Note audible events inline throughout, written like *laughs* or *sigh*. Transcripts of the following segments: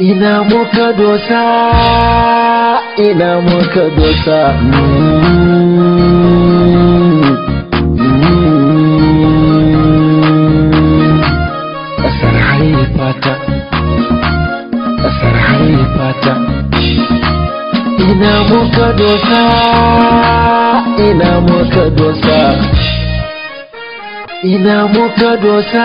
ina muka dosa ina muka dosa mm -hmm. mm -hmm. ƙasar haifata ƙasar haifata ina muka dosa ina muka dosa ina muka dosa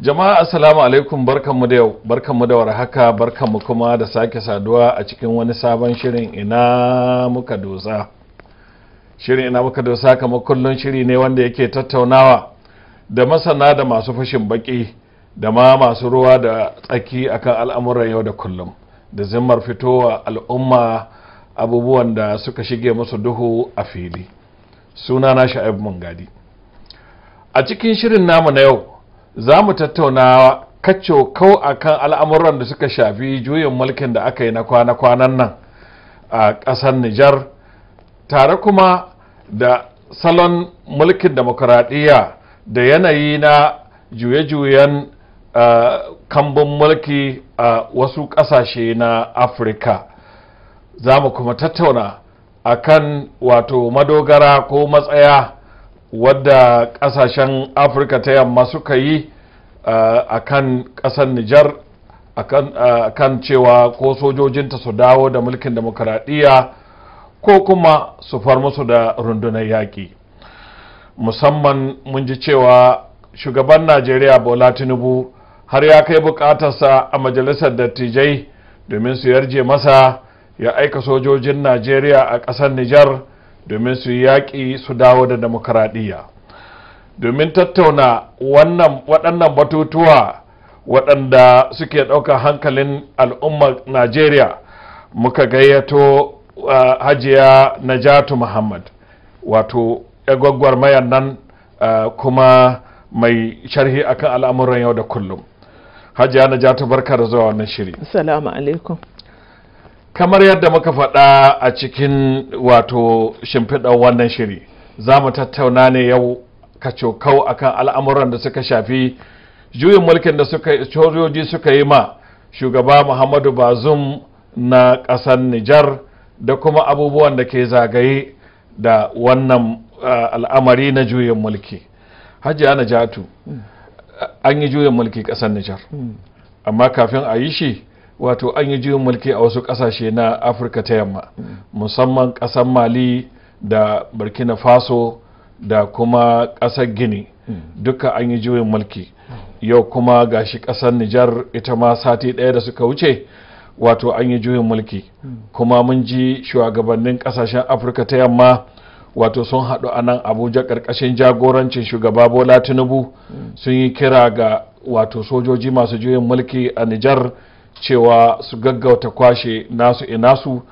jama'a assalamu alaikum barkanmu da yau barkanmu da warhaka barkanmu kuma da sake saduwa a cikin wani sabon shirin ina muka dosa shirin ina muka dosa kamar kullum shiri ne wanda yake tattaunawa da masana da masu fashin baki da ma masu ruwa da tsaki akan al'amuran yau da kullum da zimmar fitowa al'umma abubuwan da suka shige musu duhu a fili sunana sha'ib mungadi a cikin shirin namu na yau za mu tattauna kacokau a kan al'amuran da suka shafi juyin mulkin da aka yi na kwana-kwanan nan a ƙasar nijar tare kuma da salon mulkin demokuraɗiyya da yanayi na juye-juyen kambun mulki a wasu ƙasashe na afirka za mu kuma tattauna akan wato madogara ko matsaya wadda kasashen afirka ta yamma suka yi eh, a kan kasar nijar eh, a kan cewa ko sojojinta su dawo da mulkin demokuraɗiyya ko kuma su far musu da rundunar yaƙi musamman mun ji cewa shugaban najeriya bola tinubu har ya kai bukatarsa a majalisar dattijai domin su yarje masa ya aika sojojin najeriya a ƙasar nijar domin su yaƙi su dawo da demokradiyya domin tattauna waɗannan batutuwa waɗanda suke ɗaukar hankalin al'ummar najeriya muka gayyato hajiya najatu muhammad wato ya mayan nan kuma mai sharhi akan al'amuran yau da kullum hajiya najatu barka da zuwa wannan shiri assalamu alaikum kamar yadda muka faɗa a cikin wato shimfiɗar wannan shiri za mu tattauna ne yau kacokau akan al'amuran da suka shafi juyin mulkin da suka sojoji suka yi ma shugaba muhammadu bazum na ƙasar nijar da kuma abubuwan da ke zagaye da wannan al'amari na juyin mulki hajiya ana jatu mm. an yi juyin mulki ƙasar nijar mm. amma kafin a yi shi wato an yi juyin mulki a wasu ƙasashe na afirka ta yamma musamman ƙasar mali da burkina faso da kuma ƙasar gini duka an yi juyin mulki yau kuma ga shi ƙasar nijar ita ma sati ɗaya da suka wuce wato an yi juyin mulki kuma mun ji shugabannin ƙasashen afirka ta yamma wato sun haɗu a nan abuja ƙarƙashin jagorancin shugaba bola tinubu sun yi kira ga wato sojoji masu juyin mulki a nijar cewa su gaggauta kwashe nasu inasu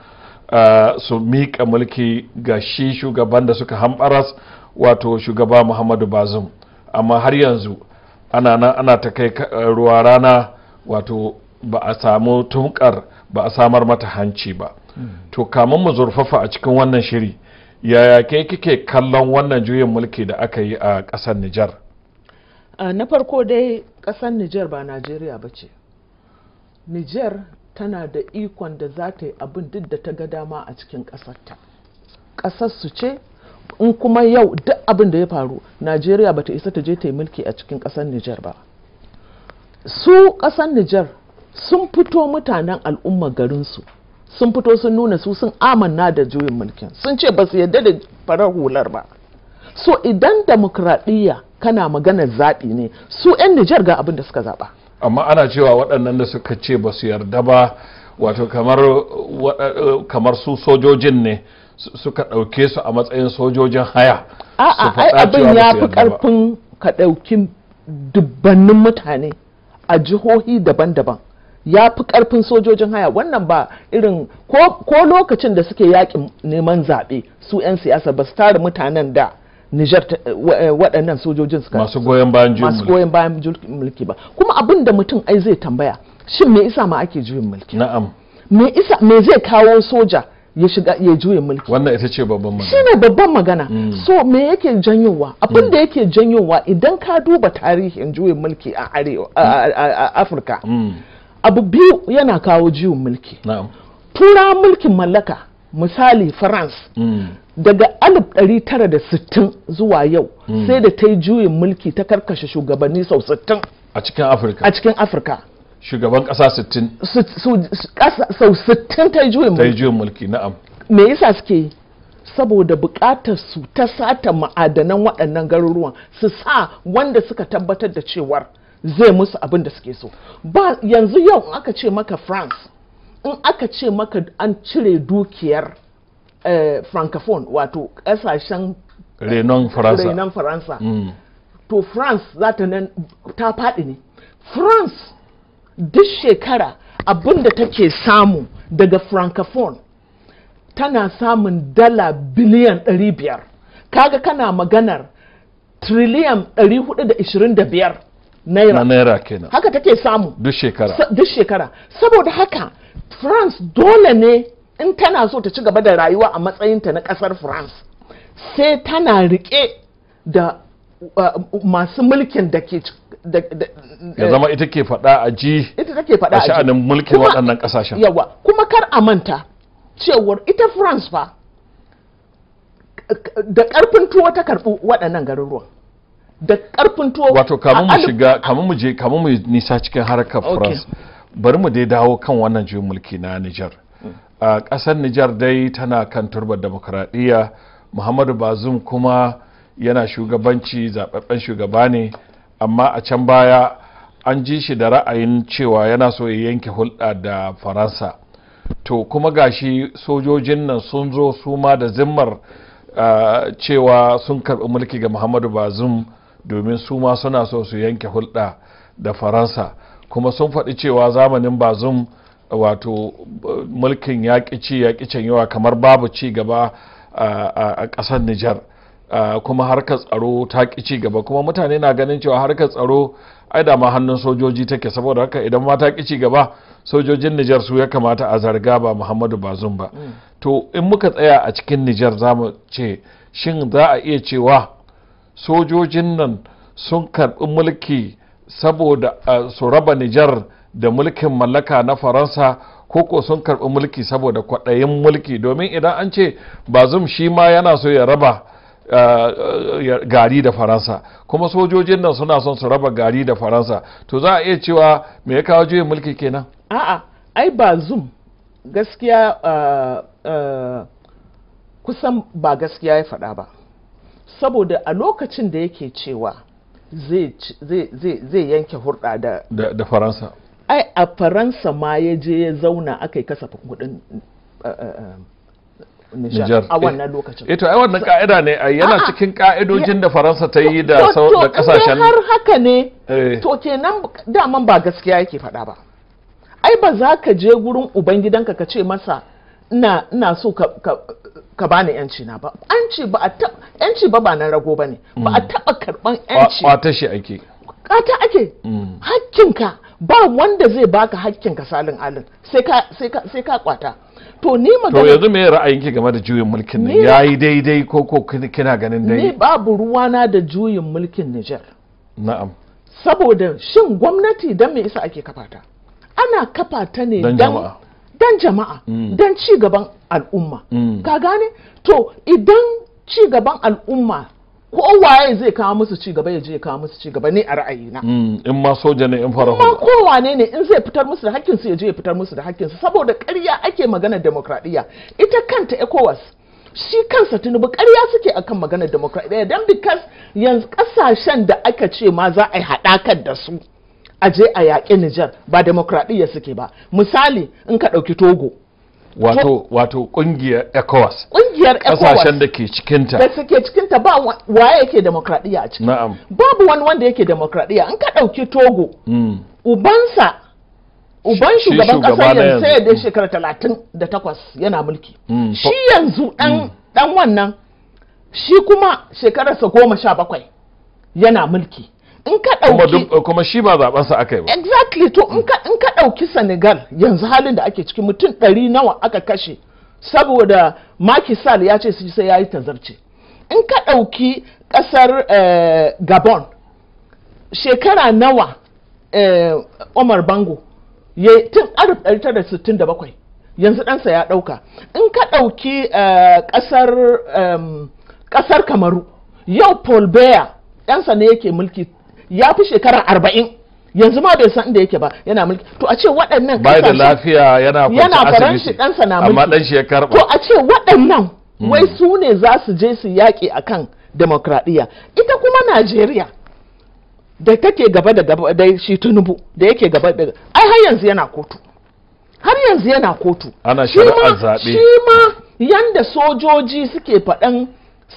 eh, ah, su miƙa mulki ga shi shugaban da suka hamɓaras wato shugaba muhammadu bazum amma har yanzu ana nan ana ta kai eh, ruwa rana wato ba a samu tunkar ba a samar mata hanci ba hmm. to kamun mu zurfafa a cikin wannan shiri yaya ke kike kallon wannan juyin mulki da aka yi a ƙasar nijar ah, na farko dai ƙasar nijar ba najeriya ba ce niger tana da ikon da za ta yi abin duk da ta ga dama a cikin ƙasarta. su ce in kuma yau duk abin da ya faru najeriya ta isa ta je ta yi mulki a cikin ƙasar niger ba su ƙasar niger sun fito mutanen al'ummar garinsu sun fito sun nuna su sun amanna da juyin mulkin sun ce ba su yadda da farar hular ba so idan demokradiyya kana magana zaɓi ne su 'yan nijar ga abin da suka zaɓa amma ana cewa waɗannan da suka ce ba su yarda ba wato kamar su sojojin ne suka ɗauke su a matsayin sojojin haya abin ya fi ƙarfin ka dubbannin mutane a jihohi daban-daban ya fi ƙarfin sojojin haya wannan ba irin ko lokacin da suke yaƙin neman zaɓe su 'yan siyasa ba su tara mutanen da Niger eh, eh, waɗannan sojojin suka masu goyon bayan juyin masu goyon bayan mulki ba kuma abin da mutum ai zai tambaya shin me isa ma ake juyin mulki na'am me isa me zai kawo soja ya shiga ya juyin mulki wannan ita ce babban magana shine babban magana mm. so me yake janyowa abin mm. da yake janyowa idan ka duba tarihin juyin mulki a arewa a Afirka mm. abu biyu yana kawo juyin mulki na'am tura mulkin mallaka misali France daga 1960 zuwa yau hmm. sai da ta yi juyin mulki ta karkashe shugabanni sau 60 a cikin afirka a cikin afirka shugaban kasa 60 sau 60 ta yi juyin mulki ta juyin mulki na'am me yasa suke yi saboda bukatar su ta sata ma'adanan waɗannan garuruwan su sa wanda suka tabbatar da cewar zai musu abin da suke so ba yanzu yau in aka ce maka france in aka ce maka an cire dukiyar Eh, francophone wato kasashen eh, renon faransa renon faransa mm. to france za ta nan ta faɗi ne france duk shekara abin da take samu daga francophone tana samun dala biliyan 500 kaga kana maganar triliyan 425 naira naira kenan haka take samu duk shekara duk shekara saboda haka france dole ne in tana so ta ci gaba da rayuwa a matsayinta na kasar france sai tana rike da uh, masu mulkin da ke ya zama ita ke faɗa a ji a sha'anin mulkin waɗannan ƙasashen yawa kuma kar a manta cewar ita france fa da ƙarfin tuwa ta karɓi waɗannan garuruwan da ƙarfin tuwa wato kamun mu shiga kamun mu je kamun mu nisa cikin harkar france bari mu dai dawo kan wannan juyin mulki na niger a ƙasar nijar dai tana kan turbar demokradiyya muhammadu bazum kuma yana shugabanci zaɓaɓɓen shugaba ne amma a can baya an ji shi da ra'ayin cewa yana so ya yanke hulɗa da faransa to kuma gashi sojojin nan sun zo su ma da zimmar cewa sun karɓi mulki ga muhammadu bazum domin su ma suna so su yanke hulɗa da faransa kuma sun faɗi cewa zamanin bazum wato mulkin yaƙi ci yaƙi can yawa kamar babu ci gaba a ƙasar Nijar kuma harkar tsaro ta ƙi ci gaba kuma mutane na ganin cewa harkar tsaro ai da ma hannun sojoji take saboda haka idan ma ta ƙi ci gaba sojojin Nijar su ya kamata a zarga ba Muhammadu Bazum ba mm. to in muka tsaya a cikin Nijar za mu ce shin za a iya cewa sojojin nan sun karɓi mulki saboda su raba Nijar da mulkin mallaka na faransa koko sun karɓi mulki saboda kwaɗayin mulki domin idan an ce bazum shi ma yana so ya raba eh, gari da faransa kuma sojojin nan suna son su raba gari da faransa to za a iya cewa me ya kawo juyin mulki kenan a'a ai bazum gaskiya eh, eh, kusan ba gaskiya ya faɗa ba saboda a lokacin da yake cewa zai yanke hurɗa da faransa ai a faransa ma ya je ya zauna aka yi kasafin kudin eh, eh, eh, Nijar a wannan lokacin. Ito ai wannan ka'ida ne yana cikin ka'idojin da Faransa ta yi da kasashen. To har haka ne to kenan daman ba gaskiya yake faɗa ba. Ai ba za ka je gurin ubangidanka ka ce masa ina so ka bani yanci na ba. Yanci ba a yanci ba ba na rago ba ne. Ba a mm. taɓa karɓan yanci. ƙwata shi ake. ƙwata ake. Mm. Hakkinka. ba wanda zai baka hakkin ka salin alin sai ka kwata to ni magana to yanzu me ra'ayinki game da juyin mulkin nan yayi daidai ko ko kina ganin dai ni babu ruwana da juyin mulkin Niger na'am saboda shin gwamnati dan me yasa ake kafa ta ana kafa ta ne dan jama'a dan jama'a mm. dan ci gaban al'umma mm. ka gane to idan ci gaban al'umma kowaye zai kawo musu ci gaba ya je kawo musu ci gaba ne a ra'ayina hmm, in ma soja ne in fara kuma wane ne in zai fitar musu da hakkin su ya je ya fitar musu da hakkin su saboda ƙarya ake magana demokradiya ita kanta ECOWAS shi kansa tunubu ƙarya suke akan maganar demokradiya dan because yanzu kasashen da aka ce ma za a yi haɗakar da su a je a yaƙi Nijar ba demokradiya suke ba misali in ka ɗauki Togo wato wato kungiyar ECOWAS kungiyar ECOWAS kasashen da ke cikin ta da suke cikin ta ba waye yake demokradiya a ciki na'am babu wani wanda yake demokradiya in ka dauki Togo mm. ubansa uban shugaban kasar yanzu sai da shekara 38 yana mulki hmm. shi yanzu dan dan hmm. wannan shi kuma shekararsa goma sha bakwai yana mulki in ka ɗauki kuma shi ba zaben sa aka yi ba exactly to mm. in ka ɗauki Senegal yanzu halin da ake ciki mutum ɗari nawa aka kashe saboda Macky Sall ya ce sai yayi tazarce in ka ɗauki ƙasar eh, Gabon shekara nawa eh, Omar Bango ya tun 1967 yanzu ɗansa ya ɗauka in ka ɗauki eh, ƙasar kamaru yau paul bear ɗansa ne yake mulki ya fi shekarar arba'in yanzu ma bai san inda yake ba yana mulki to a ce waɗannan bai da lafiya yana yana faranshi ɗansa na mulki amma ɗan shi ya karɓa to a ce waɗannan hmm. wai su ne za su je su yaƙi akan demokradiyya ita kuma najeriya da take gaba da gaba da shi tunubu da yake gaba da ai har yanzu yana kotu har yanzu yana kotu ana shari'ar zaɓe shi ma yanda sojoji suke faɗan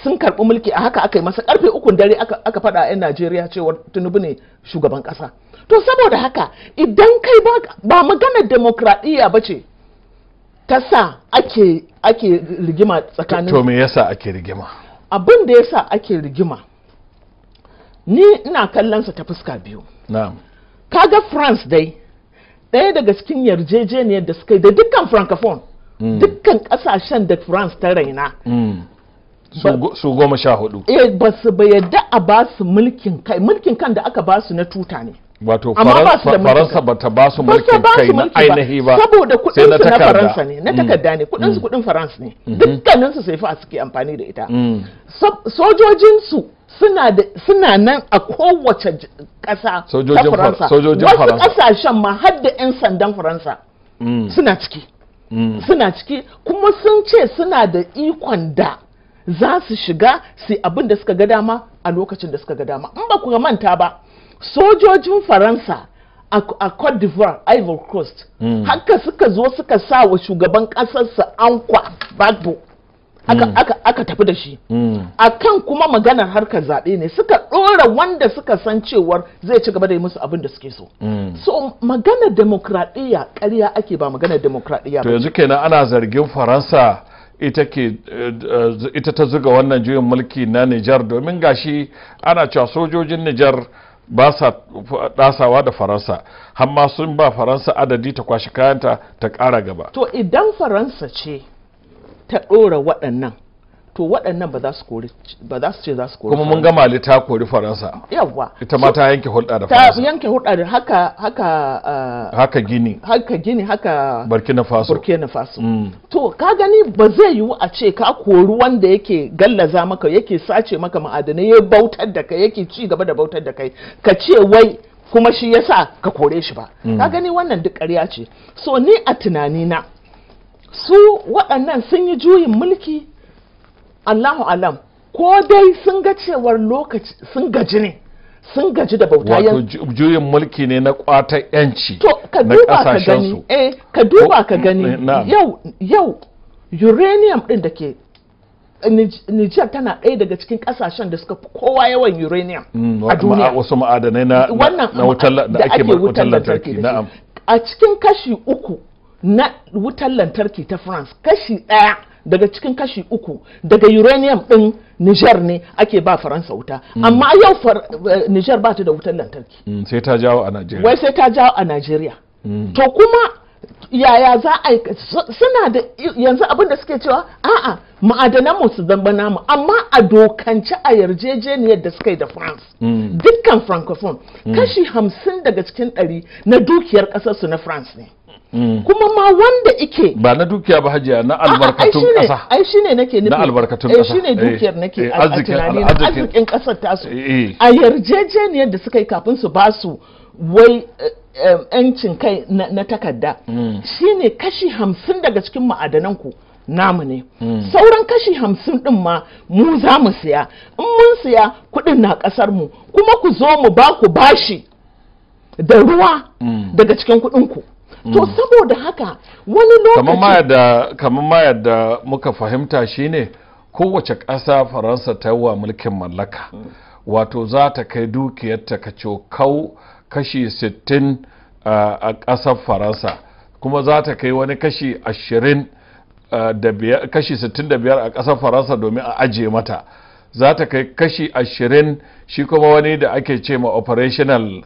sun karɓi mulki a haka aka yi masa karfe ukun dare aka faɗa 'yan najeriya cewar tinubu ne shugaban ƙasa to saboda haka idan kai ba maganar demokradiyya ba ce ta sa ake rigima tsakanin to me yasa ake rigima abin da yasa ake rigima ni ina kallon sa ta fuska biyu ka ga france dai ɗaya daga cikin yarjejeniyar da suka yi da dukkan francophone hmm. dukkan ƙasashen da france ta raina hmm. su goma sha hudu eh ba su ba yadda a ba su mulkin kai mulkin kan da aka ba su na tuta ne wato faransa ba ta ba su mulkin kai na ainihi ba saboda kudin su na faransa ne na mm. takarda ne kudin su kudin faransa ne mm-hmm. dukkanin su sai fa suke amfani da ita mm. sojojin su suna da suna nan a kowace kasa ta faransa wasu kasashen ma har da yan sandan faransa mm. suna ciki suna ciki kuma sun ce suna da ikon da za su shiga su abin da suka ga dama a lokacin da suka ga dama in ba ku manta ba sojojin faransa a cote d'ivoire ivory coast hmm. haka suka zo suka sa wa shugaban ƙasarsa ankwa bagbo hmm. aka tafi da shi hmm. a kan kuma maganar harkar zaɓe ne suka ɗora wanda suka san cewar zai ci gaba da yi musu abin da suke so so maganar demokradiyya ƙarya ake ba maganar demokradiyya to yanzu kenan ana zargin faransa Eh, ita ta zuga wannan juyin mulki na Nijar domin gashi ana cewa sojojin Nijar ba sa dasawa da faransa hamma sun ba faransa adadi ta kwashi kayanta ta kara gaba to idan faransa ce ta ɗora waɗannan to waɗannan ba za su ce za su kori kuma mun ga mali ta kori faransa yawa ita ma ta yanke hulɗa da faransa ta yanke hulɗa da haka haka uh, haka gini haka gini haka burkina faso burkina faso mm. to ka gani ba zai yiwu a ce ka kori wanda yake gallaza maka yake sace maka ma'adanai ya bautar da kai yake ci gaba da bautar da kai ka ce wai kuma shi yasa ka kore shi ba mm. ka gani wannan duk ƙarya ce so ni a tunanina su waɗannan sun yi juyin mulki Allahu alam ko dai sun ga cewar lokaci sun gaji ne sun gaji da bauta wato juyin mulki ne na kwata yanci to ka duba ka gani eh ka duba ka gani eh, yau yau uranium din da ke Niger tana ɗaya daga cikin ƙasashen da suka fi kowa yawan uranium mm, a duniya. Wasu ma'adanai na wutar da ake wutar lantarki. A cikin kashi uku na wutar lantarki ta France kashi ɗaya daga cikin kashi uku daga uranium din Niger ne ake ba Faransa wuta hmm. amma yau eh, Niger ba ta da wutar lantarki hmm, sai ta jawo a Najeriya wai sai ta jawo a Najeriya hmm. to kuma yaya za a suna da yanzu abin da suke cewa a'a ma'adanan mu su zamba namu amma a dokance a yarjejeniyar da suka yi da france dukkan francophone kashi hamsin daga cikin ɗari na dukiyar ƙasarsu na france ne Hmm. kuma ma wanda ike ba na dukiya ba hajiya na albarkatun ƙasa ai shine nake nufi na albarkatun eh, shi shine eh, dukiyar eh, nake a tunani na arzikin ƙasar tasu a yarjejeniyar da suka yi kafin su ba su wai yancin kai na takarda hmm. shine kashi hamsin daga cikin ma'adanan ku namu ne hmm. sauran kashi hamsin din ma mu za mu siya in mun siya kuɗin na ƙasar mu kuma ku zo mu ba ku bashi da ruwa daga cikin kuɗin ku to hmm. saboda haka wani lokaci kamar ma yadda muka fahimta shine kowace ƙasa faransa ta yi wa mulkin mallaka hmm. wato za ta kai dukiyarta ka kau kashi 60 a ƙasar faransa kuma za ta kai wani kashi 20 kashi 65 a ƙasar faransa domin a ajiye mata za ta kai kashi 20 shi kuma wani da ake ce ma operational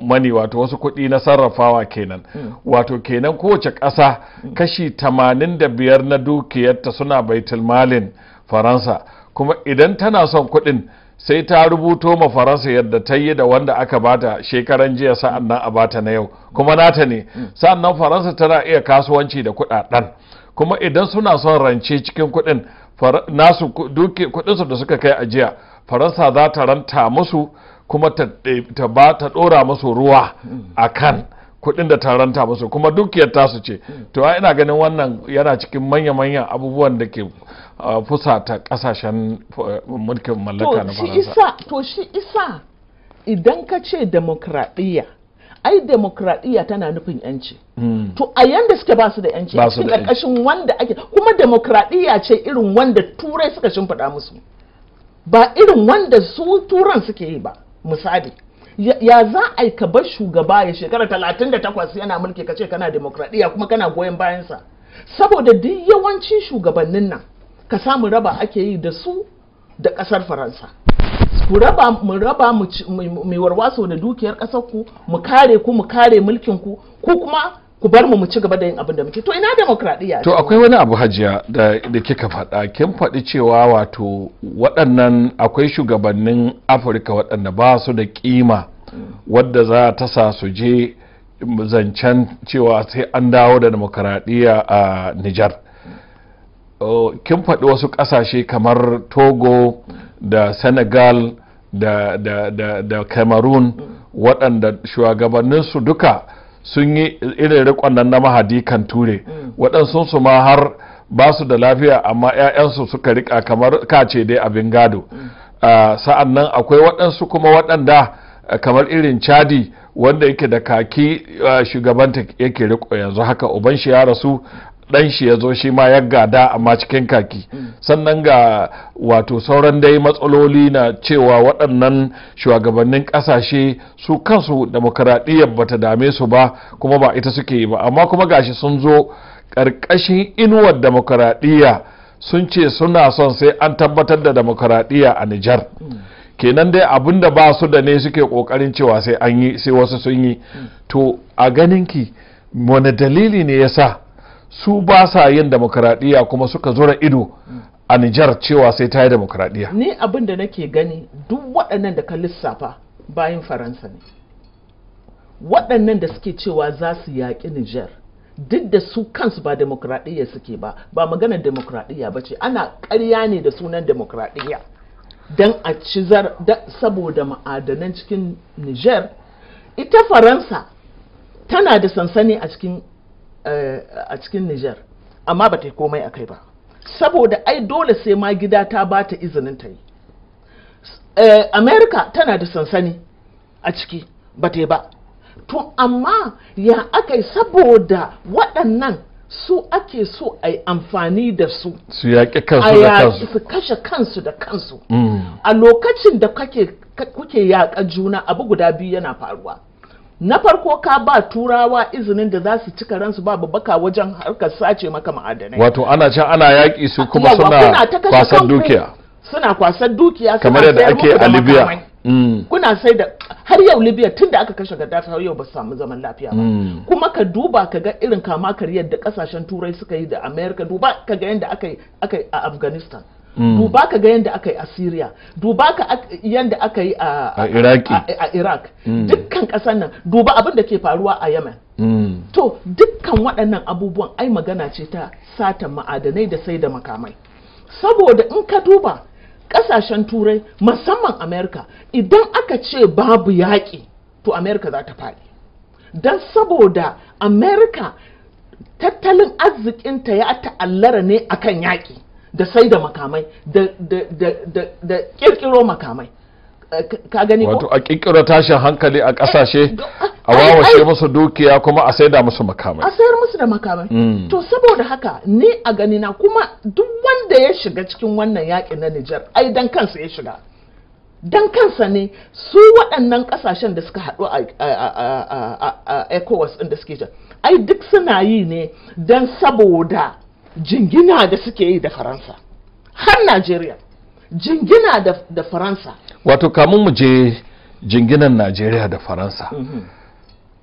mani wato wasu kuɗi na sarrafawa kenan hmm. wato kenan kowace ƙasa hmm. kashi 85 na dukiyarta suna malin faransa kuma idan tana son kuɗin sai ta rubuto ma faransa yadda ta yi da wanda aka bata shekaran jiya sa'an nan a bata na yau kuma nata ne hmm. sa'an nan faransa tana iya kasuwanci da kuɗaɗen kuma idan suna son rance cikin kuɗin nasu kuɗinsu da suka kai a jiya, faransa za ta ranta musu kuma ta ɗora masu ruwa a kan kuɗin da taranta masu kuma dukiyar tasu ce to a ina ganin wannan yana cikin manya-manyan abubuwan da ke fusata ƙasashen eh, mulkin mallaka na faransa to shi isa idan ka ce demokradiyya ai demokradiyya tana nufin yanci hmm. to a yanda suke ba su da yanci a cikin ƙarƙashin wanda ake kuma demokradiyya ce irin wanda turai suka shimfiɗa musu ba irin wanda su turan suke yi ba misali ya za a yi ka bar shugaba ya shekara talatin da takwas yana mulki ka ce kana demokradiyya kuma kana goyon bayansa saboda duk yawancin shugabannin nan ka samu raba ake yi da su da kasar faransa ku raba mu raba mu warwaso da dukiyar kasar ku mu kare ku mu kare mulkin ku ku kuma ku bar mu mu ci gaba da yin abin da muke to ina demokradiya to akwai wani abu hajiya da, da kika faɗa kin faɗi cewa wato waɗannan akwai shugabannin afirka waɗanda ba su da kima wadda za ta sa su je zancen cewa sai an dawo da demokradiya a nijar kin faɗi wasu ƙasashe kamar togo da senegal da, da, da, da cameroon waɗanda shugabanninsu duka sun yi irin rikon nan na mahadi kan ture mm. waɗansu su ma har ba su da lafiya amma 'ya'yansu suka rika kamar kace dai abin gado mm. ah, sa'an nan akwai waɗansu kuma waɗanda eh, kamar irin chadi wanda yake da kaki ah, shugabanta yake riko yanzu haka uban shi ya rasu dan shi ya zo shi ma ya gada amma cikin kaki mm. sannan ga wato sauran dai matsaloli na cewa waɗannan shugabannin ƙasashe su kansu demokaradiyyar ta dame su ba kuma ba ita suke yi ba amma kuma gashi sun zo ƙarƙashin inuwar demokaradiyya sun ce suna son sai an tabbatar da demokaradiyya a Nijar mm. kenan dai abin da ba su da ne suke ƙoƙarin cewa sai an sai wasu sun yi mm. to a ganin ki wani dalili ne ya sa su ba sa yin demokuraɗiyya kuma suka zura ido a Nijar cewa sai ta yi demokuraɗiyya. Ni abin da nake gani duk waɗannan da ka lissafa bayan Faransa ne. Waɗannan da suke cewa za su yaƙi Nijar duk da su kansu ba demokuraɗiyya suke ba ba maganar demokuraɗiyya ba ce ana ƙarya ne da sunan demokuraɗiyya. don a ci saboda ma'adanan cikin Nijar ita Faransa tana da sansani a cikin Eh, a cikin Nijar amma ba ta yi komai a kai ba saboda ai dole sai ma gida ta ba ta izinin ta yi eh, Amerika tana da sansani a ciki ba ta yi ba to amma ya aka yi saboda waɗannan su ake so a yi amfani da su su yaƙi kansu da kansu su kashe kansu da kansu mm. a lokacin da kuke yaƙa juna abu guda biyu yana faruwa na farko ka ba turawa izinin da za su cika ransu ba babbaka wajen harkar sace maka ma'adanai wato ana can ana yaƙi su kuma suna kwasan dukiya suna kwasan dukiya kamar yadda ake a libya mm. kuna sai da har yau libya tun da aka kashe gaddafi har yau ba su samu zaman lafiya ba mm. kuma ka duba ka ga irin kama karyar da kasashen turai suka yi da america duba ka ga yadda aka yi a afghanistan Mm. duba ka ga yadda aka yi a syria duba ka yadda aka yi a iraq mm. dukkan kasar nan duba abin da ke faruwa a yemen mm. to dukkan waɗannan abubuwan ai magana ce ta satan ma'adanai da sai da makamai saboda in ka duba ƙasashen turai musamman amerika idan aka ce babu yaƙi to amerika za ta faɗi don saboda amerika tattalin arzikinta ya ta'allara ne akan yaƙi da sai da makamai da kirkiro makamai eh, ka gani wato a kirkiro tashin hankali a kasashe eh, ah, a wawashe musu dukiya kuma a saida musu makamai a sayar musu da makamai hmm. to saboda haka ni a gani na kuma duk wanda ya shiga cikin wannan yaƙi na Nijar ai dan kansa ya shiga dan kansa ne su waɗannan ƙasashen da suka haɗu a ECOWAS ɗin da suke can ai duk suna yi ne dan saboda jingina da suke yi da faransa har najeriya jingina da, da faransa wato kamun mu je jinginan najeriya da faransa mm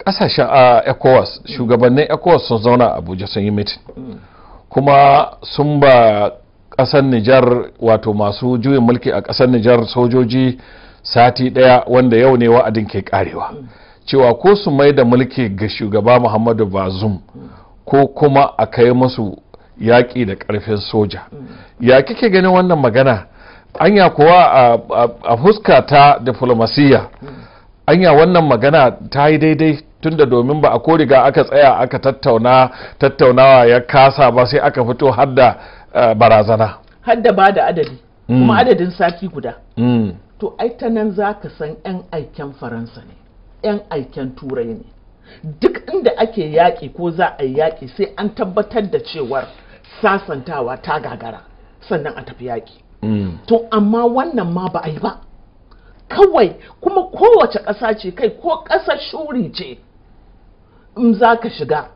-hmm. a ecowas mhm. shugabannin ecowas sun zauna abuja sun yi mitin mhm. kuma sun ba kasar nijar wato masu juyin mulki a kasar nijar sojoji sati daya wanda yau ne wa'adin ke karewa mhm. cewa ko su mai da mulki ga shugaba muhammadu bazum ko kuma a kai musu yaƙi da ƙarfin soja mm. ya kike ganin wannan magana anya kuwa a fuska ta diflomasiyya mm. anya wannan magana ta yi daidai tunda domin ba a ko riga aka tsaya aka tattauna tattaunawa ya kasa ba sai aka fito har da eh, barazana har da ba da adadi mm. kuma adadin sati guda to ai ta nan za ka san 'yan aiken faransa ne 'yan aiken turai ne duk inda ake yaƙi ko za a yi yaƙi sai an tabbatar da cewar sasantawa ta gagara sannan a tafi yaƙi mm. to amma wannan ma ba a yi ba kawai kuma kowace ƙasa ce kai ko ƙasar shuri ce in za ka shiga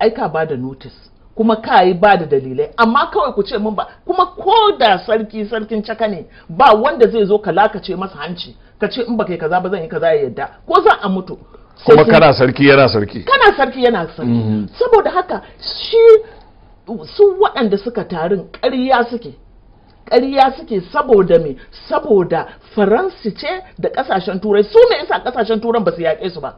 ai ka ba da notis kuma ka yi ba da dalilai amma kawai ku ce mun ba kuma ko da sarki sarkin caka ne ba wanda zai zo ka lakace masa hanci ka ce in ba kai kaza ba zan yi kaza ya yadda ko za a mutu kuma kana sarki yana sarki kana sarki yana sarki mm-hmm. saboda haka shi su waɗanda suka tarin ƙarya suke ƙarya suke saboda me saboda faransi ce da ƙasashen turai su me yasa ƙasashen turai ba su yaƙe su ba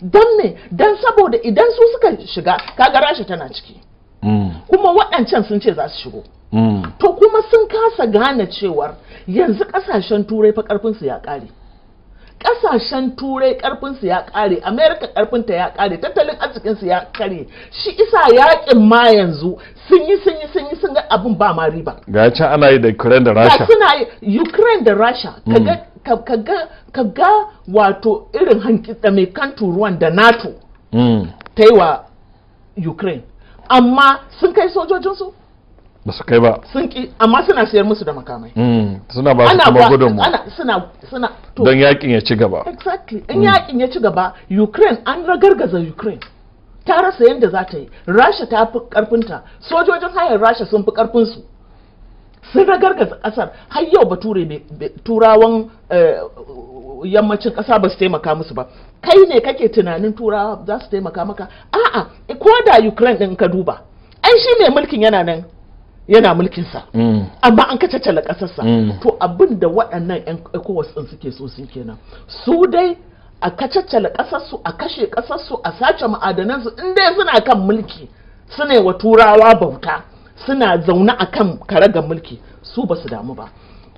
don me don saboda idan su suka shiga kaga rasha tana ciki mm. kuma waɗancan sun ce za su shigo mm. to kuma sun kasa gane cewar yanzu ƙasashen turai fa ƙarfinsu ya ƙare kasashen turai karfinsu ya kare amerika karfinta ya kare tattalin arzikinsu ya kare shi isa yakin ma yanzu sun yi sun yi sun yi sun ga abin ba ma riba ga can ana yi da ukraine da rasha suna yi ukraine da rasha hmm. ka ga wato irin hankita mai kan turuwan da nato hmm. ta yi wa ukraine amma sun kai sojojinsu ba su kai ba sun ki amma suna sayar musu da makamai mm, suna ba su kuma gudun mu suna suna to don yakin ya ci gaba exactly in mm. yakin ya ci gaba Ukraine an ragargaza Ukraine ta rasa yadda za ta yi Rasha ta fi karfinta sojojin hayar Rasha sun fi karfin su sun ragargaza kasar har yau bature turawan eh, yammacin kasa ba su taimaka musu ba kai ne kake tunanin turawa za su taimaka maka a'a ko da Ukraine din ka duba ai shi mai mulkin yana nan yana mulkinsa mm. amma an kacacala ƙasarsa mm. to abin da waɗannan 'yan ecowas ɗin suke so sun kenan su dai a kacacala ƙasarsu a kashe ƙasarsu a sace ma'adanansu in dai suna kan mulki su wa turawa bauta suna zaune a kan karagar mulki su ba su damu ba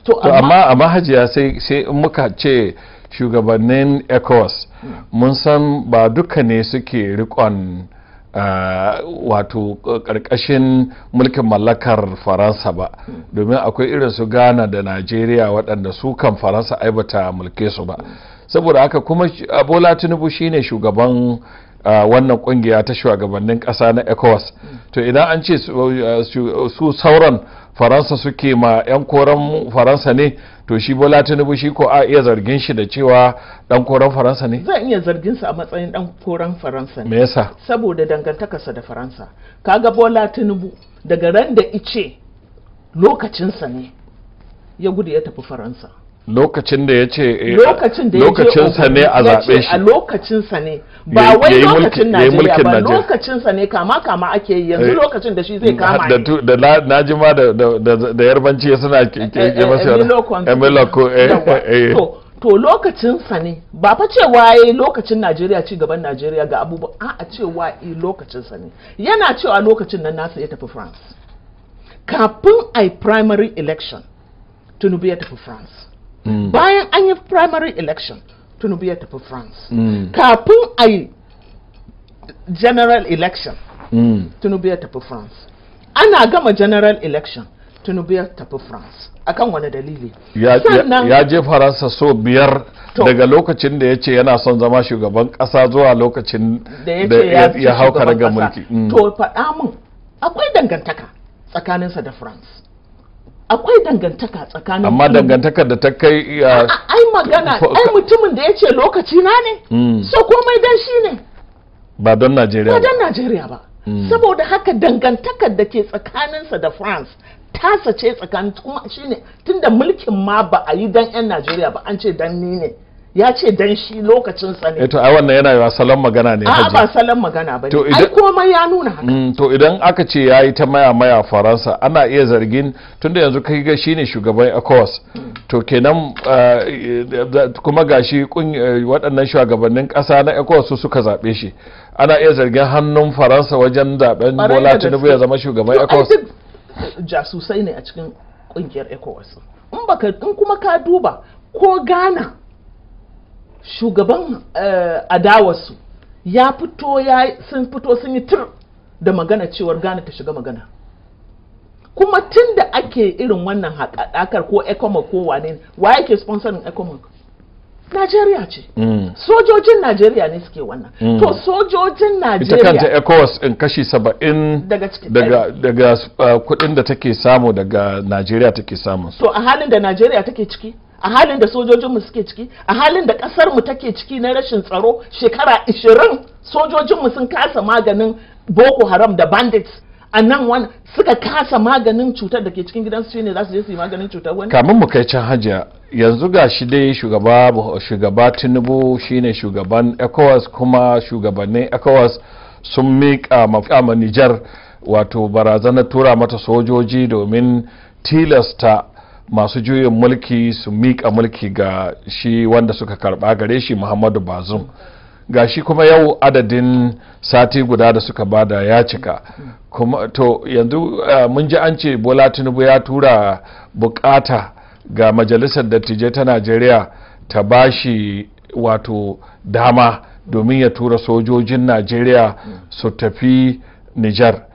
to amma amma hajiya sai sai muka ce shugabannin ecowas mm. mun san ba duka ne suke rikon wato ƙarƙashin mulkin mallakar faransa ba domin akwai irin su ghana da nigeria waɗanda su kan faransa aibata mulke su ba saboda haka kuma bola tinubu shine shugaban wannan kungiya ta shugabannin kasa na ecowas to idan an ce su sauran faransa suke ma 'yan koren faransa ne to shi bola tinubu shi ko a iya zargin shi da cewa dan koren faransa ne zan iya zargin sa a matsayin dan koren faransa ne me yasa saboda dangantakarsa da faransa kaga bola tinubu daga ran da ice lokacinsa ne ya gudu ya tafi faransa lokacin da ya ce eh, lokacin sa ne a zaɓe shi a lokacin sa ne ba wai lokacin Najeriya ba lokacin sa ne kama kama ake yi yanzu eh, lokacin da shi zai kama ne da ji ma da yarbanci ya suna ke masa emilo ko eh to lokacin sa ne ba fa cewa waye lokacin Najeriya ci gaban Najeriya ga abubuwa a cewa sa ne yana cewa lokacin nan nasa ya tafi France kafin a primary election tunubu ya tafi France Mm. bayan an yi primary election tunubu ya tafi france mm. kafin a yi general election mm. tunubu ya tafi france ana gama general election tunubu ya tafi france akan wani dalili ya je faransa so biyar daga lokacin da ya ce yana son zama shugaban kasa zuwa lokacin da ya hauka daga mulki to faɗa min akwai dangantaka tsakaninsa da france akwai dangantaka tsakanin amma dangantakar da ta kai ai magana ai mutumin da ya ce lokaci na ne hmm. so komai dan shi ne ba don najeriya ba don najeriya ba hmm. saboda haka dangantakar da ke tsakaninsa da france tasa ce tsakanin kuma shine tunda mulkin ma ba a yi dan yan najeriya ba an ce dan ni ne ya ce dan shi lokacin tsane ne eh to ai wannan yana yawa salon magana ne haji ba salon magana bane ai komai ya nuna haka mm, to idan aka ce yayi ta maya maya faransa ana iya zargin tunda yanzu kai ga shine shugaban ECOWAS to kenan eh, eh, kuma gashi waɗannan shugabannin ƙasa na ECOWAS su suka zaɓe shi ana iya zargin hannun faransa wajen zaɓen bola tinubu ya zama shugaban ECOWAS jasusai ne a cikin ƙungiyar ECOWAS in kuma ka duba ko Ghana shugaban eh, adawarsu ya fito ya sun fito sun yi tur da magana cewar Ghana ta shiga magana kuma tun da ake irin wannan haƙaƙar ko ecomoc ko wane wa yake sponsorin ecomoc Najeriya ce. Mm. Sojojin Najeriya ne suke wannan. Mm. To sojojin Najeriya. Ita kanta ECOWAS in kashi saba'in daga daga, daga uh, kuɗin da take samu daga Najeriya take samu. To so, a halin da Najeriya take ciki a halin da sojojinmu suke ciki a halin da ƙasarmu take ciki na rashin tsaro shekara 20 sojojinmu sun kasa maganin boko haram da bandits a nan wani suka kasa maganin cutar da ke cikin gidan su shine za su je su yi maganin cutar wani kamin mu kai can hajiya yanzu ga shi dai shugaba shugaba tinubu shine shugaban ecowas kuma shugabannin ecowas sun miƙa ma nijar wato barazanar tura mata sojoji domin tilasta masu juyin mulki su miƙa mulki ga shi wanda suka karɓa gare shi muhammadu bazum ga shi kuma yau adadin sati guda da suka bada ya cika kuma to yanzu mun ji an ce bola tinubu ya tura bukata ga majalisar dattijai ta najeriya ta ba shi wato dama domin ya tura sojojin najeriya su tafi nijar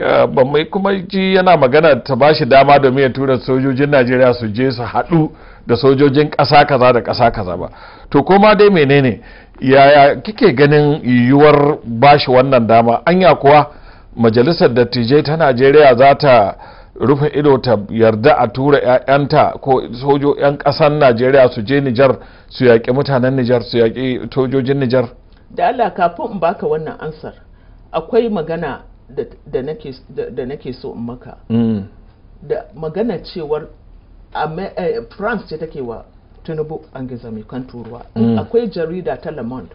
Eh, ba mai kuma ji yana magana ta ba shi dama domin ya tura sojojin najeriya su je su haɗu da sojojin ƙasa kaza da ƙasa kaza ba to koma dai menene yaya kike ganin yiwuwar ba shi wannan dama anya kuwa majalisar dattijai ta najeriya za ta rufe ido ta yarda a tura 'ya'yanta ko sojo 'yan ƙasar najeriya su je nijar su yaƙi mutanen nijar su yaƙi sojojin nijar da allah kafin in baka wannan ansar akwai magana da nake so in maka mm. da magana cewar eh, france ce take wa tunubu an gizo mai kan turuwa mm. akwai jarida ta le monde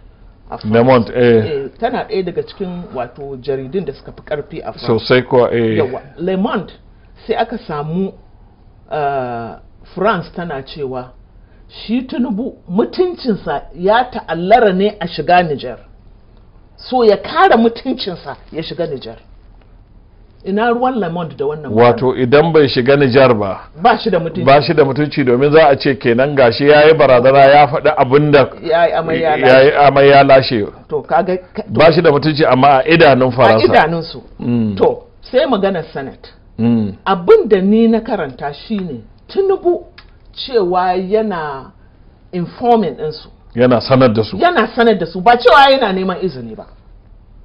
le monde eh. eh tana ɗaya daga cikin wato jaridun da suka fi karfi a france sosai kuwa eh yawa le monde sai aka samu eh, france tana cewa shi Tunubu mutuncinsa ya ta'allara ne a shiga niger so ya kara mutuncinsa ya shiga Nijar. ina ruwan lamont da wannan wato idan bai shiga nijar ba ba shi da mutunci ba shi da mutunci domin za a ce kenan gashi ya yi barazana ya faɗi abin da ya yi amai ya lashe to kaga ba shi da mutunci amma a idanun faransa a idanunsu mm. to sai magana senate mm. abin da ni na karanta shine tinubu cewa yana informing ɗinsu yana sanar da su yana sanar da su ba cewa yana neman izini ba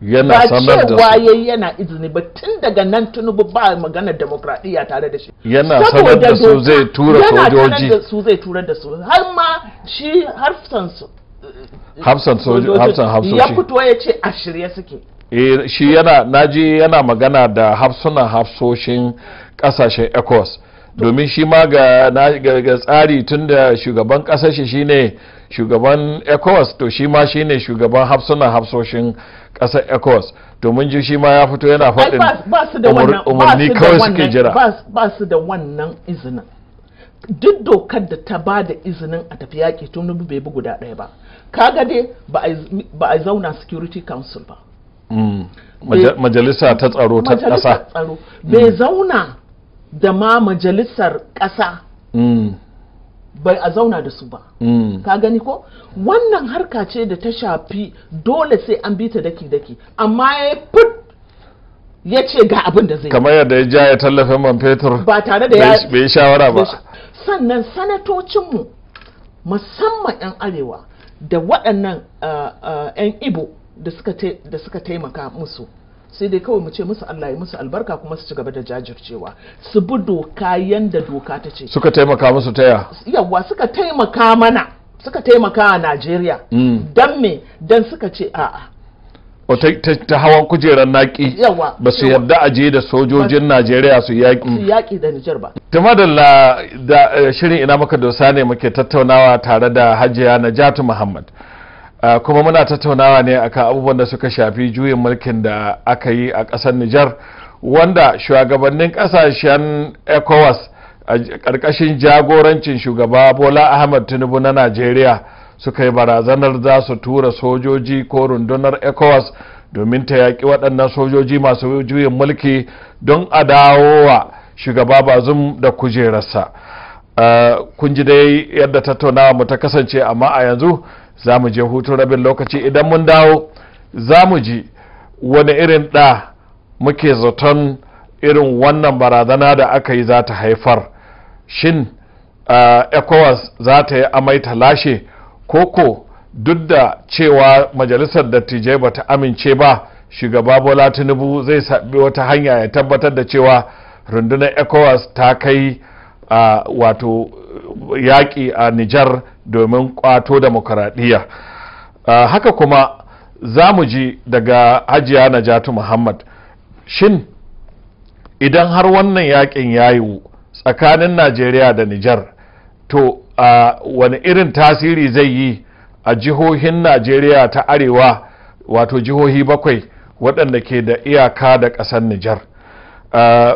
yana sanar da su ba cewa yana izini ba tun daga nan tunubu ba maganar demokradiyya tare da shi yana sanar da su zai tura sojoji yana sanar da su zai tura da su har ma shi harfsan su hafsan soji hafsan hafsoshi ya fito ya ce a shirye suke eh, shi yana naji yana magana da hafsunan hafsoshin kasashen ecos domin shi ma ga tsari tun da shugaban kasashe shi shine shugaban ecowas to shi ma shine shugaban hafsuna hafsoshin kasar ecowas domin ji shi ma ya fito yana faɗin umarni kawai suke jira ba su da wannan izinin duk dokar da ta ba da izinin a tafi yaƙi tun bai bi guda ɗaya ba kaga dai ba a zauna security council ba mm. majalisa ta tsaro ta ƙasa bai mm. zauna da ma majalisar ƙasa mm. bai a zauna da su ba mm. ka gani ko wannan harka ce da ta shafi dole sai an bi ta daki-daki amma ya fit ya ce ga abin da zai kamar yadda ya ja ya tallafe man fetur ba tare da ya bai shawara ba sannan sanatocinmu musamman 'yan arewa da waɗannan 'yan uh, uh, ibo da suka taimaka musu sai dai kawai mu ce musu Allah ya musu albarka kuma su ci gaba da jajircewa su bi doka yanda doka ta ce suka taimaka musu taya yawa suka taimaka mana suka taimaka a Najeriya hmm. dan me dan suka ce a'a ta hawan kujerar naki ba su yarda a je da sojojin najeriya su yaƙi da nijar ba tuma da eh, shirin ina maka dosa ne muke tattaunawa tare da hajiya najatu muhammad Uh, kuma muna tattaunawa ne akan abubuwan da suka shafi juyin mulkin da aka yi a ƙasar Nijar wanda shugabannin ƙasashen ECOWAS a ƙarƙashin jagorancin shugaba Bola Ahmed Tinubu na Najeriya suka yi barazanar za su tura sojoji ko rundunar ECOWAS domin ta yaƙi waɗannan sojoji masu juyin mulki don a dawo wa shugaba Bazum da kujerarsa. Uh, kun ji dai yadda tattaunawa mu ta kasance amma a yanzu za mu je hutun rabin lokaci idan mun dawo za mu ji wani irin ɗa muke zaton irin wannan barazana da aka yi za ta haifar shin ecowas za ta yi amai ta lashe koko duk da cewa majalisar dattijai ba ta amince ba shugaba bola tinubu zai sabi wata hanya ya tabbatar da cewa rundunar ecowas ta kai wato yaƙi a nijar domin kwato demokaradiyya ah, haka kuma za mu ji daga hajiya najatu muhammad shin idan har wannan yakin ya yiwu tsakanin najeriya da nijar to ah, wani irin tasiri zai yi a jihohin najeriya ta arewa wato jihohi bakwai waɗanda ke da iyaka da ƙasar nijar ah,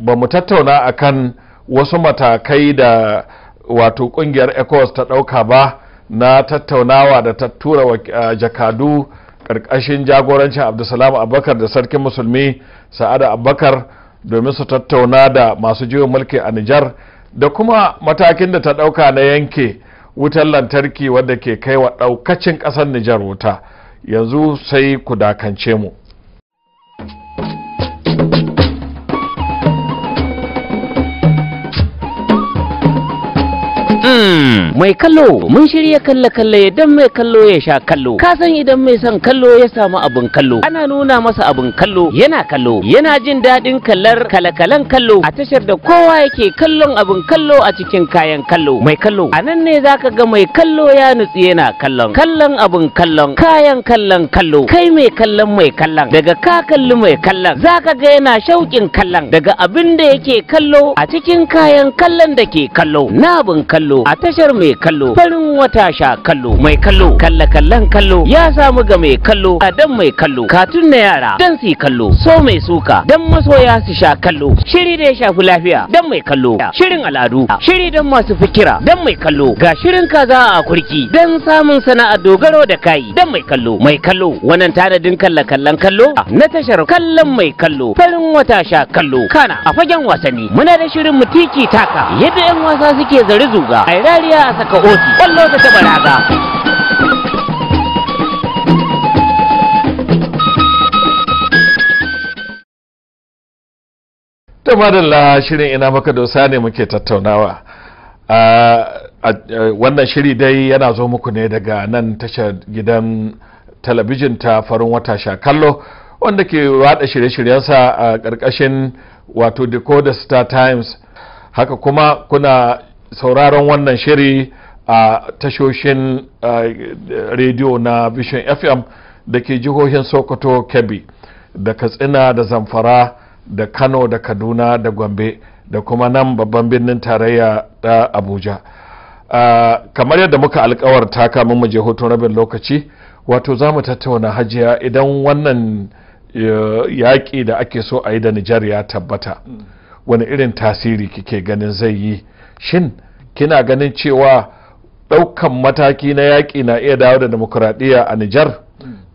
ba mu tattauna akan wasu matakai da wato kungiyar ecowas ta dauka ba na tattaunawa da ta tura jakadu karkashin jagorancin abdulsalam abubakar da sarkin musulmi sa'ada abubakar domin su tattauna da masu jiwon mulki a nijar da kuma matakin da ta dauka na yanke wutar lantarki wadda ke kai wa ɗaukacin ƙasar nijar wuta yanzu sai ku dakance mu Hmm. mai kallo mun shirya kalle kalle idan mai kallo ya sha kallo ka san idan mai son kallo ya samu abin kallo ana nuna masa abin kallo yana kallo yana jin daɗin kallar kalakalan kallo a tashar da kowa yake kallon abin kallo a cikin kayan kallo mai kallo a nan ne zaka ga mai kallo ya nutsi yana kallon kallon abin kallon kayan kallon kallo kai mai kallon mai kallon daga ka kalli mai kallon zaka ga yana shauƙin kallon daga abin da yake kallo a cikin kayan kallon da ke kallo na abin kallo a tashar mai kallo farin wata sha kallo mai kallo kalla kallan kallo ya samu ga mai kallo a dan mai kallo katun na yara dan su kallo so mai suka dan masoya su sha kallo shiri da ya shafi lafiya dan mai kallo shirin al'adu shiri dan masu fikira dan mai kallo ga shirin kaza a kurki dan samun sana'a dogaro da kai dan mai kallo mai kallo wannan tanadin kalla kallan kallo na tashar kallon mai kallo farin wata sha kallo kana a fagen wasanni muna da shirin mutiki taka yadda yan wasa suke zare zuga a rariya a saka oti kwallo ta taba raga ta madalla shirin ina maka dosa ne muke tattaunawa wannan shiri dai yana zo muku ne daga nan tashar gidan talabijin ta farin wata sha kallo wanda ke wada shirye-shiryensa a ƙarƙashin wato decoder star times haka kuma kuna sauraron wannan shiri a tashoshin rediyo na vision fm da ke jihohin sokoto kebbi da katsina da zamfara da kano da kaduna da gombe da kuma nan babban birnin tarayya da abuja kamar yadda muka alkawarta kamun mu je hutun rabin lokaci wato za mu tattauna hajiya idan wannan yaƙi da ake so a yi da nijar ya tabbata mm. wani irin tasiri kike ganin zai yi shin kina ganin cewa ɗaukan mataki na yaƙi na iya dawo da demokuraɗiyya a nijar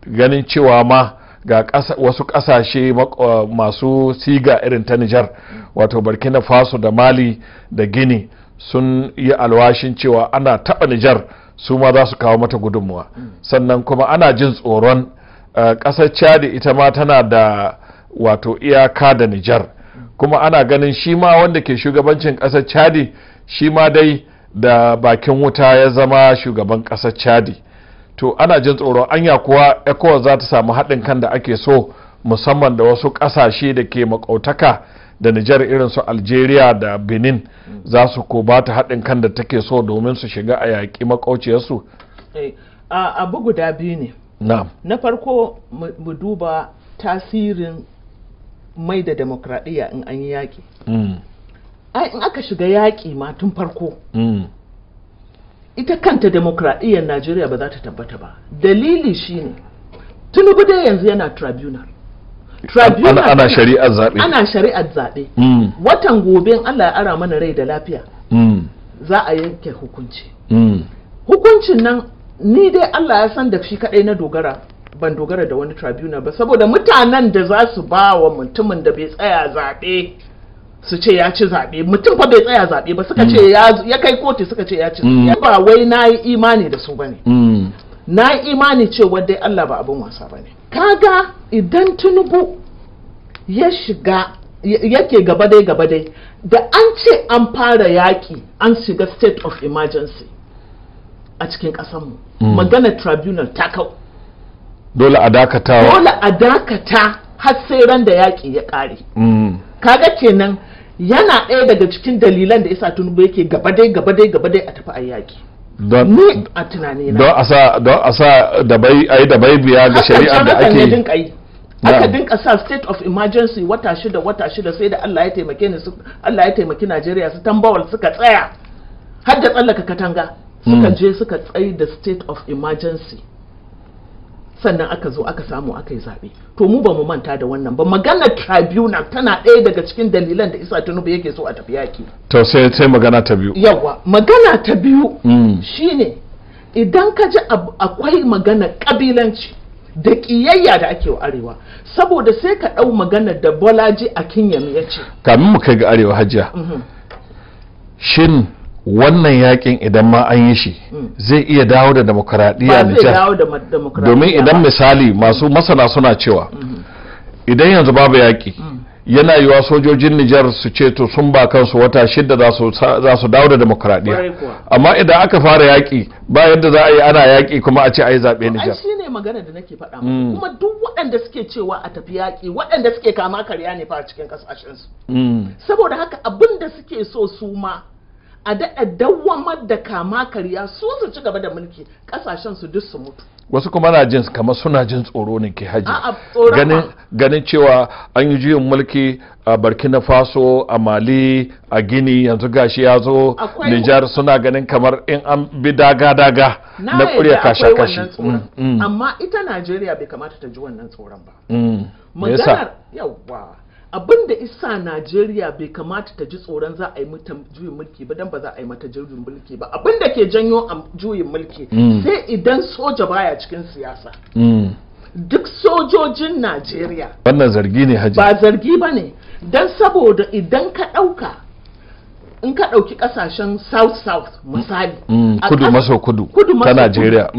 ganin cewa ma ga wasu ƙasashe eh, masu siga irin ta nijar wato burkina faso da mali da gini sun yi alwashin cewa ana taɓa nijar su ma za su kawo mata gudunmuwa sannan kuma ana jin tsoron eh, ƙasar chadi ita ma tana da wato iyaka da nijar kuma ana ganin shi ma wanda ke shugabancin ƙasar chadi shi ma dai da bakin wuta ya zama shugaban ƙasar chadi to ana jin tsoron anya kuwa ecowas za ta samu haɗin kan da ake so musamman da wasu ƙasashe da ke makautaka da nijar irin su algeria da benin za su ko ba ta haɗin kan da take so domin su shiga a yaƙi makauciyarsu eh, abu guda biyu ne na farko mu duba tasirin mai da demokradiyya in an yi yaƙi hmm. ai in aka shiga yaƙi ma tun farko mm. ita kanta demokradiyyar najeriya ba za ta tabbata ba dalili shine tinubu dai yanzu yana tribunal ana shari'ar zaɓe ana shari'ar zaɓe mm. watan gobe allah ya ara mana rai da lafiya mm. za a yanke hukunci hukuncin nan ni dai allah ya san da shi kaɗai na dogara ban dogara da wani tribunal ba saboda mutanen da za su ba wa mutumin da bai tsaya zaɓe su ce ya ci zaɓe mutum fa bai tsaya zaɓe ba suka ce ya kai kotu suka ce ya ci zaɓe. Mm. ba wai na yi imani da su ba ne mm. na yi imani cewa dai Allah ba abin wasa ba ne kaga idan tunubu ya shiga yake gaba dai gaba dai da an ce an fara yaƙi an shiga state of emergency a cikin ƙasanmu mm. magana tribunal ta kau dole a dakata dole a dakata har sai ran da yaƙi ya ƙare kaga kenan yana ɗaya daga cikin dalilan da isa tunubu yake gaba dai gaba dai gaba dai a tafi ayyaki yaƙi Ni a tunanina don a sa don a sa dabai ayi biya ga shari'a da ake aka dinka sa state of emergency wata shida wata shida sai da Allah ya taimake ni Allah ya taimaki Najeriya su tambawal suka tsaya har da tsallaka katanga suka hmm. je suka tsayi da state of emergency sannan aka zo aka samu aka yi zaɓe to mu ba mu manta da wannan ba magana tribunal tana ɗaya daga cikin dalilan da isa tinubu yake so a tafi ke. to sai magana ta biyu yawa magana ta biyu mm. shine idan ka ji akwai magana kabilanci da ƙiyayya da ake wa arewa saboda sai ka ɗau magana da bolaji a kinyami ya ce kamin mu kai ga arewa hajiya mm-hmm. wannan yakin idan ma an yi shi hmm. zai iya dawo da demokaradiyya Nijar domin idan misali masu masana suna cewa hmm. idan yanzu babu yaki hmm. yana yiwa sojojin Nijar su ce to sun ba kansu wata shida za su dawo da demokaradiyya amma idan aka fara yaki ba yadda za a yi ana yaki kuma a ce a yi zaɓe Nijar. shi ne magana da nake faɗa kuma duk waɗanda suke cewa a tafi yaki waɗanda suke kama karya ne fara cikin ƙasashensu. saboda haka abin da suke so su ma a daɗa dawwamar da kama karya su su ci gaba da mulki ƙasashen su duk su mutu wasu kuma na jin kama suna jin tsoro ne ke haji ganin cewa an yi juyin mulki a burkina faso a mali a gini yanzu gashi ya zo nijar suna ganin kamar in an bi daga-daga na kurya kashe-kashe mm, mm. amma ita najeriya bai kamata ta ji wannan tsoron ba mm. Yau, ba. abin da isa najeriya bai kamata ta ji tsoron za a yi mata juyin mulki ba dan ba za a yi mata juyin mulki ba abin da ke janyo a juyin mulki hmm. sai idan soja baya cikin siyasa hmm. duk sojojin najeriya wannan zargi ne hajji ba zargi ba ne don saboda idan ka ɗauka in ka ɗauki ƙasashen south south misali hmm. kudu maso kudu ta najeriya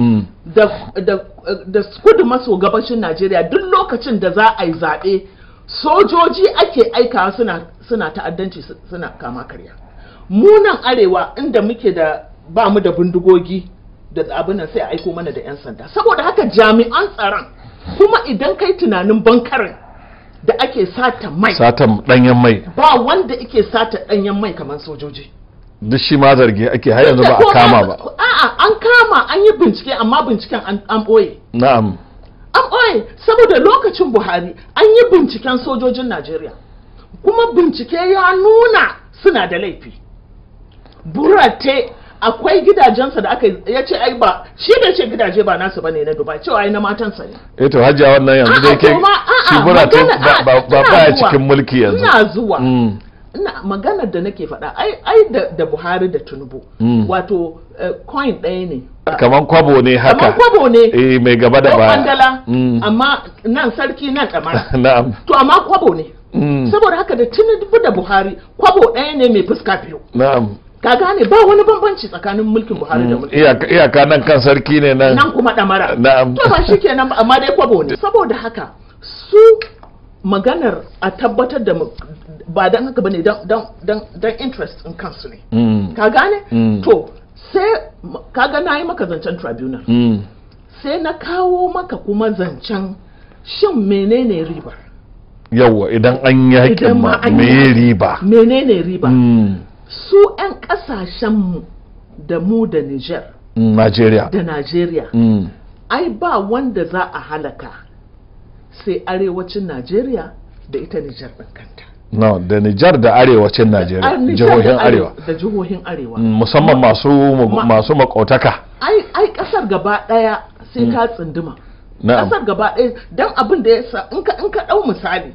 da kudu maso gabashin najeriya duk lokacin da za a yi zaɓe sojoji ake aika suna suna ta'addanci suna kama karya munan arewa inda muke da ba mu da bindigogi da abin sai a aiko mana da 'yan sanda saboda haka jami'an tsaron kuma idan kai tunanin bankarin da ake sata mai satan danyen mai ba wanda ike sata danyen mai kamar sojoji duk shi ma zargi ake har yanzu ba a kama ba a'a an kama an yi bincike amma binciken an ɓoye na'am oye saboda lokacin buhari an yi binciken sojojin najeriya kuma bincike ya nuna suna da laifi burate akwai gidajensa da aka ya ce ai ba shi da ce gidaje ba nasu bane na Dubai cewa ai na matansa ne eh to hajjawa wannan yanzu dai ke shi burate ba ba cikin mulki yanzu ina zuwa mm. ina maganar da nake faɗa ai ai da, da Buhari da tunubu. mm. wato uh, coin ɗaya ne kaman kwabo ne haka kaman kwabo ne eh mai gaba da baya kwandala hmm. amma nan sarki nan kamar *laughs* na'am to amma kwabo ne hmm. saboda haka da tunubu da Buhari kwabo ɗaya ne mai fuska biyu na'am ka gane ba wani bambanci tsakanin mulkin Buhari da hmm. mulkin iyaka nan kan sarki ne nan nan kuma damara na'am to ba shikenan amma dai kwabo ne *laughs* saboda haka su maganar a tabbatar da ba dan haka ba ne dan interest in kansu ne mm. ka gane mm. to sai ka na yi maka zancen tribunal mm. sai na kawo maka kuma zancen shin menene riba Yawwa, idan an yi haƙƙin ma me riba menene riba su 'yan ƙasashen da mu da Niger Najeriya da Najeriya ai ba wanda za a halaka sai arewacin Najeriya da ita Nijar ɗin kanta no da Nijar da arewacin Najeriya ah, jihohin arewa da jihohin arewa mm, musamman masu masu makotaka ai ai kasar gaba daya sai ka mm. tsinduma kasar gaba daya dan abin da yasa in ka in ka dau misali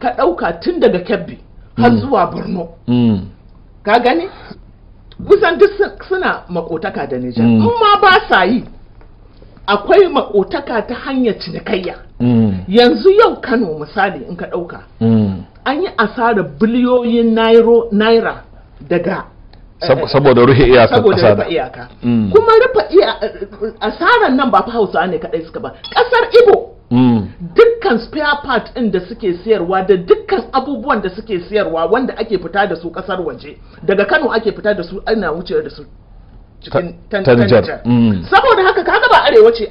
ka dauka tun daga Kebbi har mm. zuwa Borno ka gani kusan duk suna makotaka da Nijar in ma ba sa yi akwai makotaka ta hanyar cinikayya yanzu yau Kano misali in ka dauka an yi asarar biliyoyin naira daga eh, saboda rufe iyaka. saboda rufe iyaka kuma rufe asarar nan ba fa hausa ne kadai suka ba ƙasar ibo mm. dukkan spare part ɗin da suke siyarwa da dukkan abubuwan da suke siyarwa wanda ake fita da su ƙasar waje daga kano ake fita da su ana wucewa da su cikin mm. saboda haka kaga ba arewa ce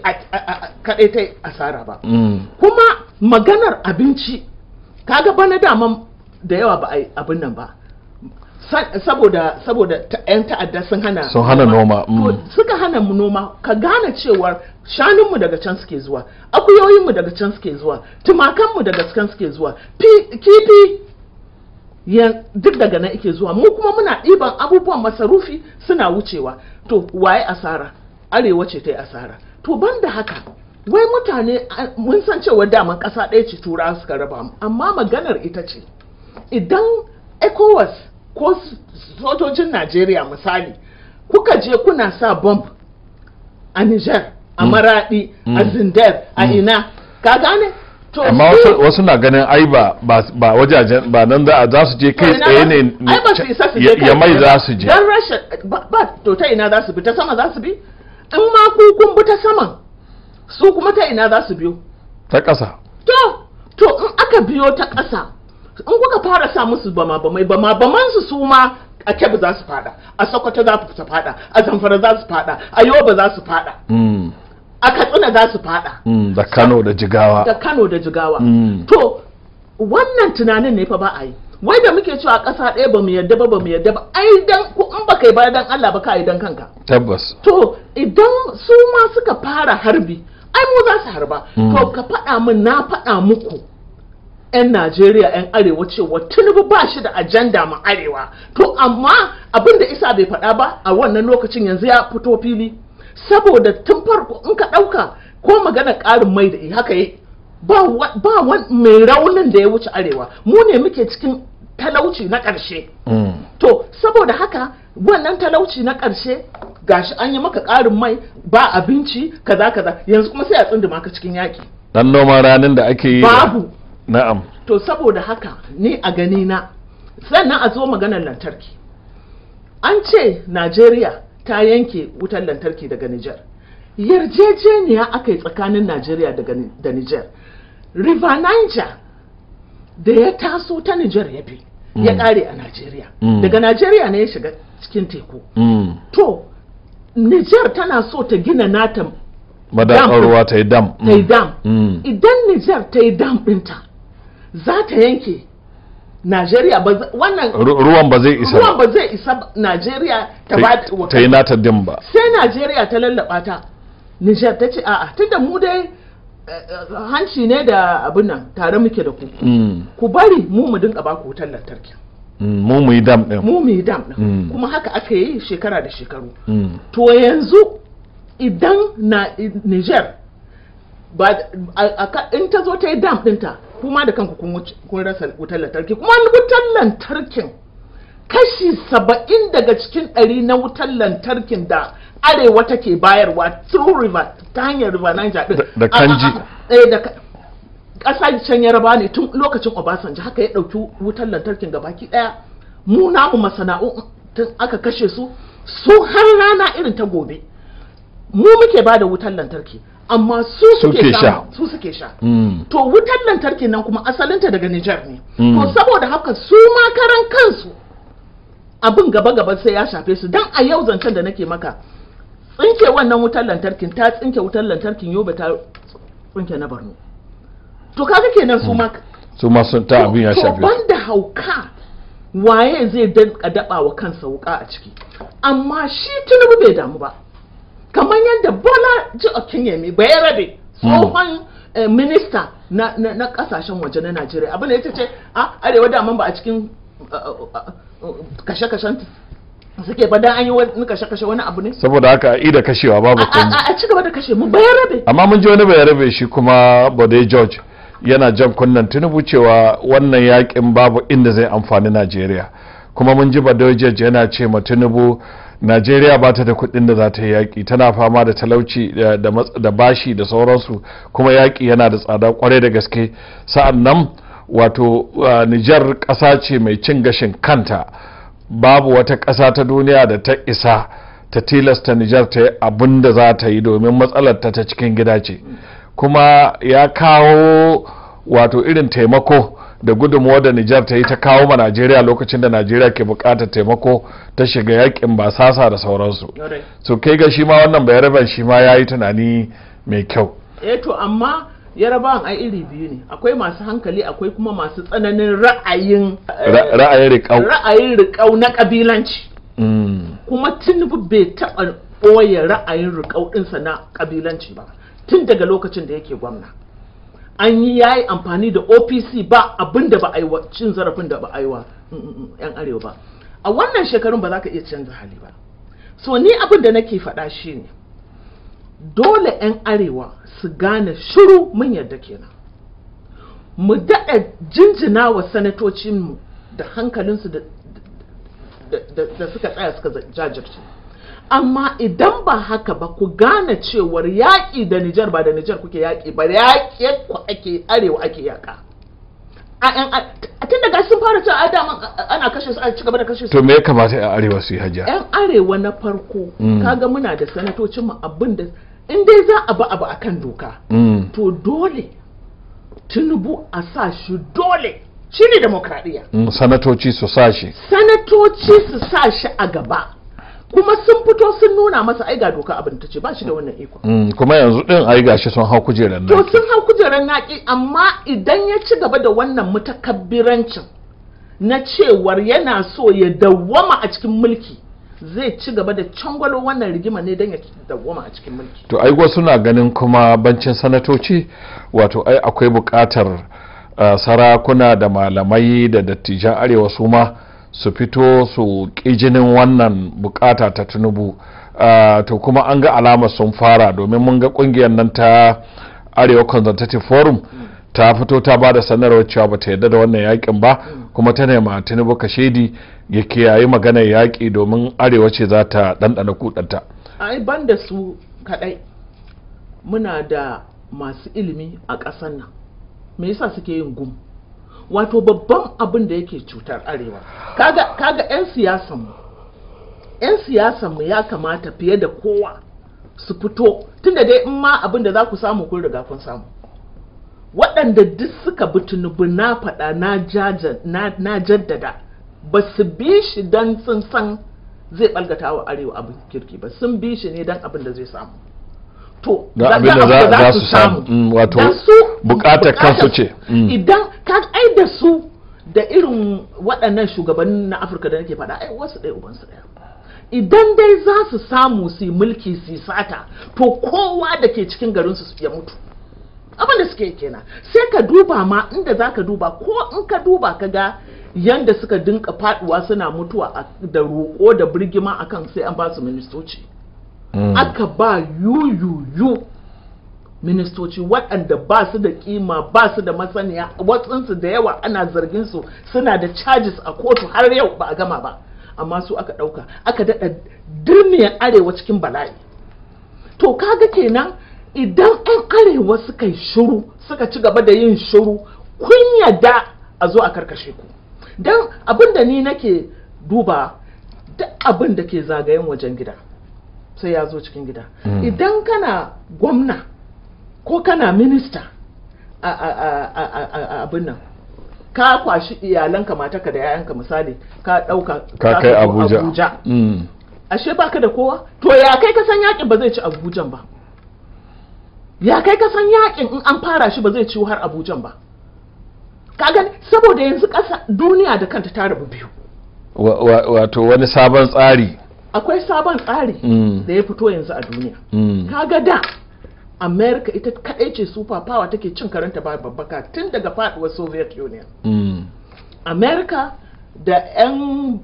kadai ta asara ba mm. kuma maganar abinci kaga bana daman da yawa ba abin nan ba saboda saboda yan ta'adda sun hana sun hana noma mm. suka hana mu noma ka gane cewar shanunmu daga can suke zuwa akuyoyinmu daga can suke zuwa tumakanmu daga can suke zuwa kifi duk daga nan ike zuwa mu kuma muna ɗiban abubuwan masarufi suna wucewa to waye asara arewa ce ta yi asara to ban da haka wai mutane mun san cewa daman ƙasa ɗaya ce tura suka raba mu amma maganar ita ce idan ecowas ko sojojin najeriya misali kuka je kuna sa bomb a niger a mm. maradi a mm. zindar a mm. ina ka gane amma wasu na ganin ai ba ba wajajen ba nan za su je kai tsaye ne ya mai za su je don rashin ba to ta ina za su bi ta sama za su bi in ma ku kun bi ta saman su kuma ta ina za su biyo ta ƙasa to to in aka biyo ta ƙasa in kuka fara sa musu bama bamai bama baman su su ma a kebbi za su fada a sokoto za su fada a zamfara za su fada a yoba za su fada mm. a katsina za su fada mm, da kano da jigawa da kano da jigawa mm. to wannan tunanin ne fa ba a yi wai da muke cewa ƙasa ɗaya ba mu yadda ba ba mu yadda ba ai dan ko in baka yi ba dan Allah ba ka yi dan kanka tabbas to idan su ma suka fara harbi ai mu za su harba to hmm. ka faɗa min na faɗa muku 'yan najeriya 'yan arewa cewa tinubu ba shi da ajanda ma arewa to amma abin da isa bai faɗa ba a wannan lokacin yanzu ya fito fili saboda tun farko in ka ɗauka ko magana ƙarin mai da haka yi ba mai raunin da ya wuce arewa mu ne muke cikin talauci na ƙarshe mm. to saboda haka wannan talauci na ƙarshe ga shi an yi maka ƙarin mai ba abinci kaza kaza yanzu kuma sai a tsunduma ka cikin yaƙi dan noman ranin da ake yi babu na'am to saboda haka ni a gani na sannan a zo maganar lantarki an ce najeriya ta yanke wutar lantarki daga Nijar. yarjejeniya aka yi tsakanin najeriya da Nijar. river niger da ya taso ta Nijar ya bi mm. ya kare a Najeriya mm. daga Najeriya ne ya shiga cikin teku mm. to Nijar tana so ta gina nata madakarwa ta yi dam ta yi dam idan Nijar ta yi dam ɗinta za ta yanke Najeriya ba wannan ruwan ba zai isa ruwan ba zai isa Najeriya ta ba ta yi nata din ba sai Najeriya ta lallaba ta Nijar ta ce a'a tunda mu dai hanci ne da abin nan tare muke da ku mm. ku bari mu mu dinka ba ku wutar lantarki mm, mu mu yi dam din mu mu yi dam mm. kuma haka aka yi shekara da shekaru to yanzu idan na Niger ba in ta zo ta yi dam dinta kuma da kanku kun rasa wutar lantarki kuma wutar lantarkin kashi saba'in daga cikin ɗari na wutar lantarkin da arewa take bayarwa through river ta hanyar river Niger din da kanji eh da can yaraba ne tun lokacin Obasanjo haka ya dauki wutar lantarkin baki daya mu namu masana'u tun aka kashe su su har rana irin ta gobe mu muke ba da wutar lantarki amma su suke sha su suke sha hmm. to wutar lantarki nan kuma asalinta daga Nijar ne hmm. to saboda haka su ma karan kansu abin gaba-gaba sai ya shafe su dan a yau zancen da nake maka tsinke wannan wutar lantarkin ta tsinke wutar lantarkin ba ta tsinke na barno to kaga kenan su ma hmm. su ma sun ta abin ya shafi da hauka waye zai danka daba wa kansa wuka a ciki amma shi tunubu bai damu ba kamar yadda bola ji mai bai rabe hmm. tsohon eh, minista na kasashen waje na najeriya abin da ya ce a ah, arewa daman ba a cikin eh, eh, kashe-kashen suke ba dan an yi wani kashe kashe wani abu ne saboda haka a da kashewa babu komai a ci gaba da kashe mu bai rabe amma mun ji wani bai rabe shi kuma Bode George yana jan kunnan tunubu cewa wannan yakin babu inda zai amfani Najeriya kuma mun ji Bode George yana ce ma tunubu najeriya ba ta da kuɗin da za ta yi yaƙi tana fama da talauci da bashi da sauransu kuma yaƙi yana da tsada kwarai da gaske sa'an nan wato nijar ƙasa ce mai cin gashin kanta babu wata ƙasa ta duniya da ta isa ta tilasta nijar ta yi abin da za ta yi domin matsalar ta ta cikin gida ce kuma ya kawo wato irin taimako da gudunmuwa da nijar ta yi ta kawo ma najeriya lokacin da najeriya ke bukatar taimako ta shiga yakin basasa da sauransu so kai ga shi ma wannan bayar shi ma ya yi tunani mai kyau eh yarabawan ai iri biyu ne akwai masu hankali akwai kuma masu tsananin ra'ayin eh, ra'ayin riƙau ra'ayin riƙau na ƙabilanci mm. kuma tinubu bai taɓa ɓoye ra'ayin riƙau ɗinsa na ƙabilanci ba tun daga lokacin da yake gwamna an yi ya yi amfani da opc ba abin ba a yi wa cin zarafin da ba a yi wa yan mm, mm, arewa ba a wannan shekarun ba za ka iya canza hali ba so ni abin da nake faɗa shi ne dole 'yan arewa su gane shiru mun yarda kenan mu daɗa jinjina wa sanatocinmu da hankalinsu da suka tsaya suka jajirce amma idan ba haka ba ku gane cewar yaƙi da nijar ba da nijar kuke yaƙi ba yaƙi ku ake arewa ake yaƙa a tun daga sun fara cewa a ana kashe su a cigaba da kashe su to me ya kamata yan arewa su yi hajiya yan arewa na farko mm. kaga muna da sanatocinmu abin da in dai za a ba abu akan doka mm. to dole tinubu a sa shi dole shi ne demokradiyya mm, sanatoci su sa shi sanatoci su sa shi a gaba kuma sun fito sun nuna masa ai ga doka abin ta ce ba shi da wannan iko mm, kuma yanzu din ai shi sun hau kujeran naki to sun hau kujeran naki amma idan ya ci gaba da wannan mutakabbirancin na cewar yana so ya dawwama a cikin mulki zai ci gaba da cangwalo wannan rigima ne don ya dawwama a cikin mulki to ai wasu na ganin kuma bancin sanatoci wato ai akwai bukatar sarakuna da malamai da dattijan arewa su ma su fito su jinin wannan bukata ta tunubu to kuma an ga alama sun fara domin mun ga kungiyar nan ta arewa consultative forum mm. ta fito ta ba da sanarwar cewa ba ta yarda da wannan yakin ba mm. kuma ta nema tinubu kashedi ya kiyaye maganar yaƙi domin arewa ce za ta ɗanɗana kuɗanta ai ban da su kaɗai muna da masu ilimi a ƙasar nan me yasa suke yin gum wato babban abin da yake cutar arewa kaga kaga 'yan siyasanmu 'yan siyasanmu ya kamata fiye da kowa su fito tunda dai in ma abin da za ku samu kun riga kun samu waɗanda duk suka bi tunubu na faɗa na jaddada ba su bi shi don sun san zai ɓalgata wa arewa abin kirki ba sun bi shi ne don abin da zai samu to abin da za su samu mm, wato bukatar kansu ce mm. idan ka ai da su da irin waɗannan shugabannin na afirka da nake faɗa ai wasu ɗaya ubansu ɗaya idan dai za su samu su yi mulki su sata to kowa da ke cikin garinsu ya mutu abin da suke kenan sai ka duba ma inda za ka duba ko in ka duba ka ga yanda suka dinka faduwa suna mutuwa da roƙo da birgima a kan sai an ba su ministoci mm. aka ba yuyuyu ministoci waɗanda ba su da kima ba su da masaniya watsinsu da yawa ana zargin su suna da charges a kotu har yau ba a gama ba amma su aka ɗauka aka daɗa dirmiyar arewa cikin bala'i to kaga kenan idan an arewa suka yi shuru suka ci gaba da yin shuru kun yadda a zo a karkashe ku don abin da ni nake duba duk abin da ke zagayen wajen gida sai ya zo cikin gida hmm. idan kana gwamna ko kana minista a abin nan ka kwashi iyalanka matarka da 'ya'yanka misali ka ɗauka ka kai abuja hmm. ashe baka da kowa to ya kai ka san yakin ba zai ci abujan ba ya kai kasan yakin in an fara shi ba zai ciwo har abujan ba Ka gani saboda yanzu ƙasa duniya da kanta ta rabu biyu wato wani sabon tsari akwai sabon tsari mm. da ya fito yanzu a duniya mm. Ka ga da america ita kaɗai ce super power take cin karanta ba babbaka tun daga faduwar soviet union mm. america da 'yan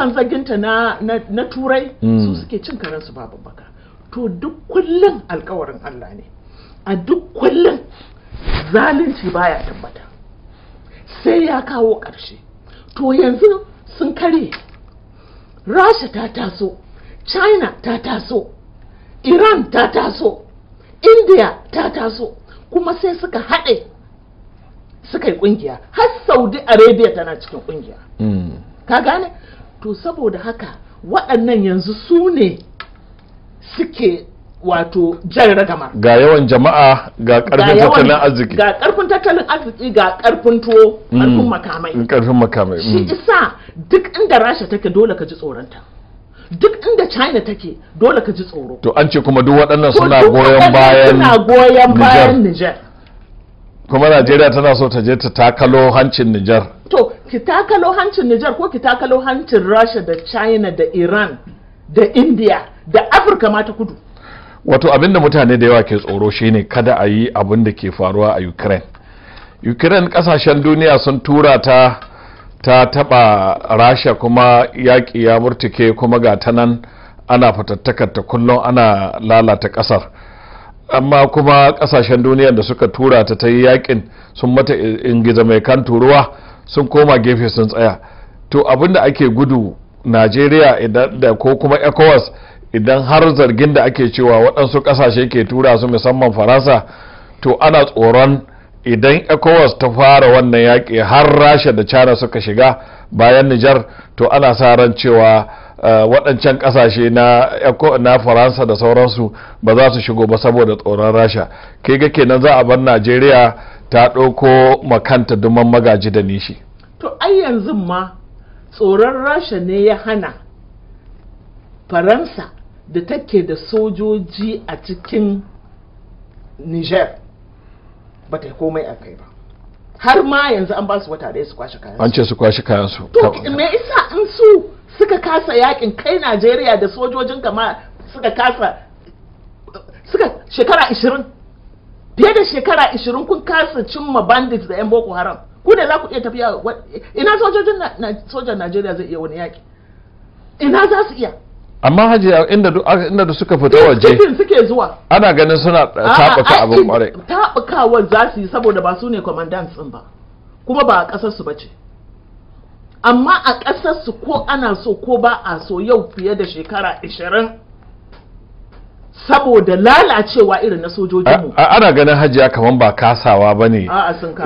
kanzaginta na, na turai su suke cin karansu ba babbaka to duk kullum alkawarin Allah ne a duk kullum zalunci baya tabbata sai ya kawo ƙarshe to yanzu sun kare rasha ta taso china ta taso iran ta taso india ta taso kuma sai suka haɗe suka yi ƙungiya har saudi arabia tana cikin ƙungiya hmm. ka gane to saboda haka waɗannan yanzu su ne suke wato jan ragama ga yawan jama'a ga karfin tattalin arziki ga karfin tattalin arziki ga karfin tuwo karfin mm. makamai mm, makamai shi mm. isa duk inda rasha take dole ka ji tsoronta duk inda china take dole ka ji tsoro to an ce kuma duk waɗannan suna goyon bayan suna goyon bayan niger kuma najeriya tana so ta je ta takalo hancin niger to ki takalo hancin niger ko ki takalo hancin rasha da china da iran da india da afirka ma ta kudu wato abinda mutane da yawa ke tsoro shine kada a yi abin da ke faruwa a ukraine ukraine kasashen duniya sun tura ta ta taba rasha kuma yaƙi ya murtuke kuma ga ta nan ana fatattakar ta kullum ana lalata ƙasar amma kuma ƙasashen duniya da suka tura ta ta yi yaƙin sun mata ingiza mai kan turuwa sun koma gefe sun tsaya to abinda ake gudu najeriya da ko kuma ecowas idan har zargin da ake cewa waɗansu ƙasashe ke tura su musamman faransa to ana tsoron idan ecowas ta fara wannan yaƙi har rasha da china suka shiga bayan nijar to ana sa ran cewa eh, waɗancan ƙasashe na faransa da sauransu ba za su shigo ba saboda tsoron rasha kai ga kenan za a bar najeriya ta ɗauko makanta duman magaji da nishi to ai yanzu ma tsoron rasha ne ya hana faransa da take da sojoji a cikin niger ba ta komai a kai ba har ma yanzu an ba su wata ɗaya su kwashe kayansu an ce su kwashe kayansu to me isa in su suka kasa yakin kai najeriya da sojojin kama suka kasa suka shekara ishirin fiye da shekara ishirin kun kasa cimma bandits da 'yan boko haram ku da za ku iya tafiya ina sojojin sojan najeriya zai iya wani yaki ina za su iya amma haji inda da suka fita waje suke zuwa ana ganin suna tabaka abin kwarai tabukawan za su yi saboda ba su ne commandants din ba kuma ba a kasar su bace amma a kasar su ko ana so ko ba a so yau fiye da shekara 20 saboda lalacewa irin na sojojinmu ana ganin hajiya kamar ba kasawa ba ne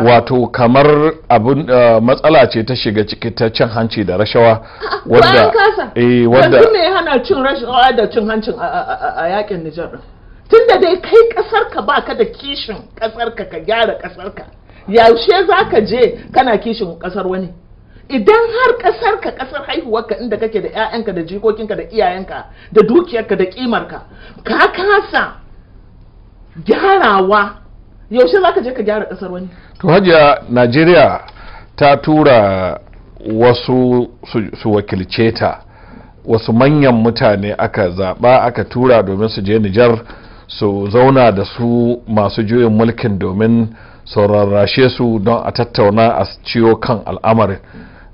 wato kamar abin eh, matsala ce ta shiga ciki ta cin hanci da rashawa *laughs* wadda kasa eh, ne hana cin rashawa da cin hancin a yakin nijar tun da dai kai kasar ka baka da kishin kasar ka ka gyara kasar ka yaushe za ka je kana kishin kasar wani idan har kasar ka kasar haihuwarka inda kake da 'ya'yanka da jikokinka da iyayenka da dukiyarka da kimarka ka kasa gyarawa yaushe za ka je ka gyara kasar wani to hajiya najeriya ta tura wasu su wakilce ta wasu manyan mutane aka zaɓa aka tura domin su je nijar su zauna da su masu juyin mulkin domin saurarashe su don a tattauna a ciwo kan al'amarin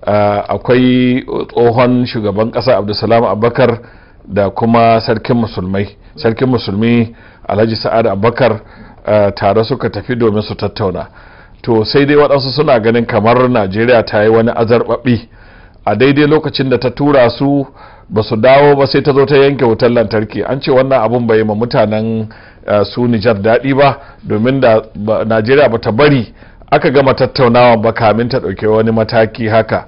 Uh, akwai tsohon shugaban ƙasa abdulsalam abubakar da kuma sarkin musulmai sarkin musulmi alhaji sa'ad abubakar uh, tare suka tafi domin su tattauna to sai dai waɗansu suna ganin kamar najeriya ta yi wani azarbaɓi a daidai lokacin da ta tura su ba su dawo ba sai ta zo ta yanke wutar lantarki an ce wannan abun bai ma mutanen uh, su nijar daɗi ba domin da najeriya ba ta bari aka gama tattaunawa ba kamin ta ɗauki wani mataki haka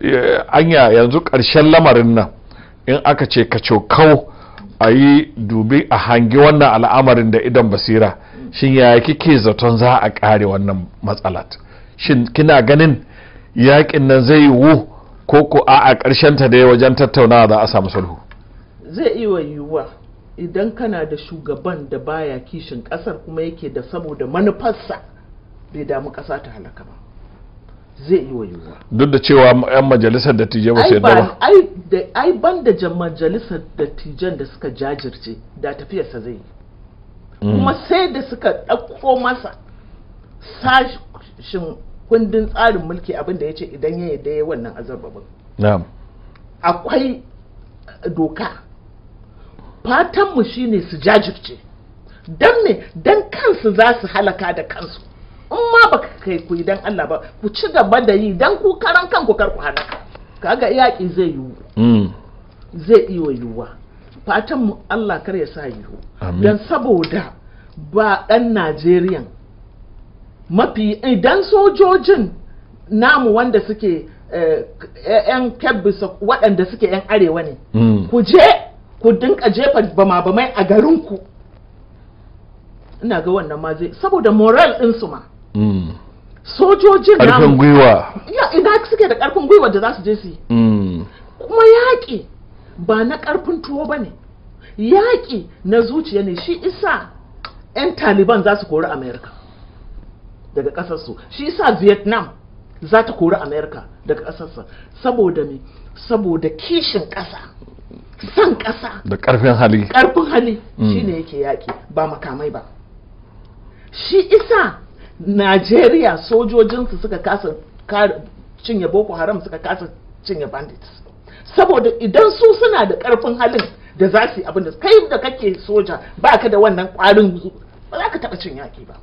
eh, anya yanzu ƙarshen lamarin nan in aka ce ka cokau a yi dubi a hangi wannan al'amarin da idan basira shin yaya kike zaton za a ƙare wannan matsalat shin kina ganin yaƙin nan zai yiwu ko ko a ƙarshen ta dai wajen tattaunawa za a samu sulhu zai iya yiwuwa idan kana da shugaban da baya kishin ƙasar kuma yake da saboda manufarsa bai damu ƙasa ta halaka ba zai yi wa yiwuwa duk da cewa 'yan majalisar dattijai ba su yadda ba ai ban da majalisar dattijan da suka jajirce da tafiyarsa zai yi hmm. kuma sai da suka ɗauko masa sashin kundin tsarin mulki abinda ya ce idan ya yadda ya wannan azarbabin akwai doka fatanmu shine su jajirce don me don kansu za su halaka da kansu in ma baka kai ku idan Allah ba ku ci gaba da yi dan ku karan kanku kar ku hana kaga yaki zai yiwu mm. zai iya yiwuwa fatan mu Allah kar ya sa yiwu dan saboda ba dan Najeriya mafi idan sojojin namu wanda suke yan eh, kebbisa waɗanda suke yan arewa ne mm. ku je ku dinka jefa bama-bamai a garinku ina ga wannan ma zai saboda moral ɗinsu ma Mm. sojojin karfin gwiwa idan suke da karfin gwiwa da za su je su yi mm. kuma yaƙi ba na karfin tuwo ba ne yaƙi na zuciya ne shi isa 'yan taliban za su kori amerika daga ƙasarsu shi isa vietnam za ta kori amerika daga ƙasarsa saboda me saboda kishin ƙasa san ƙasa da ƙarfin hali ƙarfin hali mm. Shi ne yake yaƙi ba makamai ba shi isa najeriya sojojinsu suka kasa cinye boko haram suka kasa cinye bandits saboda idan su suna da ƙarfin halin da za su yi abin da kai da kake soja ba ka da wannan kwarin ba za ka taɓa cin yaƙi ba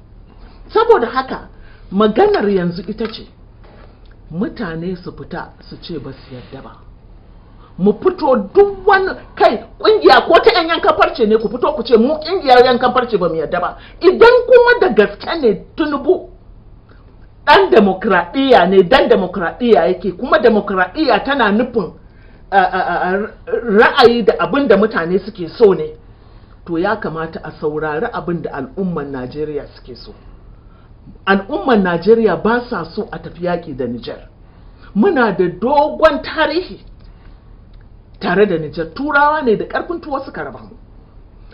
saboda haka maganar yanzu ita ce mutane su fita su ce ba su yarda ba mu fito duk wani kai kungiya ko ta yan yankan farce ne ku fito ku ce mu kungiyar yankan farce ba mu yarda ba idan kuma da gaske ne tunubu dan demokradiyya ne dan demokradiyya yake kuma demokradiyya tana nufin ra'ayi da abin da mutane suke so ne to ya kamata a saurari abin da al'umman najeriya suke so al'ummar najeriya ba sa so a tafi yaki da nijar muna da dogon tarihi tare da Nijar turawa ne da karfin tuwo suka raba mu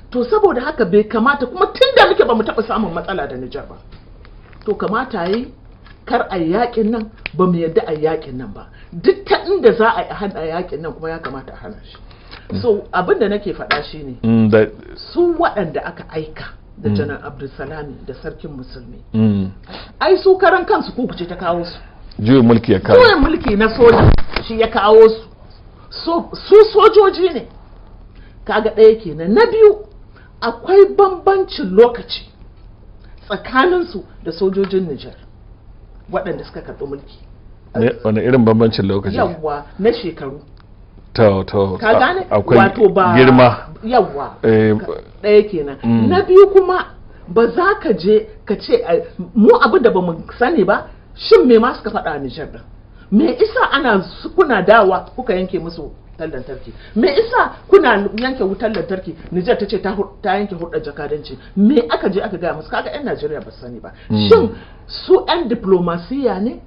to saboda haka bai kamata kuma tun da muke ba mu taɓa samun matsala da Nijar ba to kamata yi kar a yakin nan ba mu yadda a yakin nan ba duk ta inda za a hana yakin nan kuma ya kamata a hana shi mm. so abin da nake faɗa shi ne mm, su waɗanda aka aika da mm. janar abdulsalami da sarkin musulmi ai su karan kansu ku ce ta kawo su juyin mulki ya kawo juyin mulki na soja shi ya kawo su su sojoji ne kaga ɗaya kenan na biyu akwai bambancin lokaci tsakaninsu da sojojin Nijar waɗanda suka karɓi mulki wani irin bambancin lokaci yawwa na shekaru to to akwai girma yawwa eh, ɗaya kenan mm. na biyu kuma ba za ka je ka ce mu abu da ba mu sani ba shin me ma suka faɗa a Nijar din me isa ana kuna dawa kuka yanke musu wutar lantarki me isa kuna yanke wutar lantarki Nijar ta ce ta yanke hudar jakadanci me aka je aka gaya musu kaga yan Najeriya ba sani ba hmm. shin su yan diplomasiya ne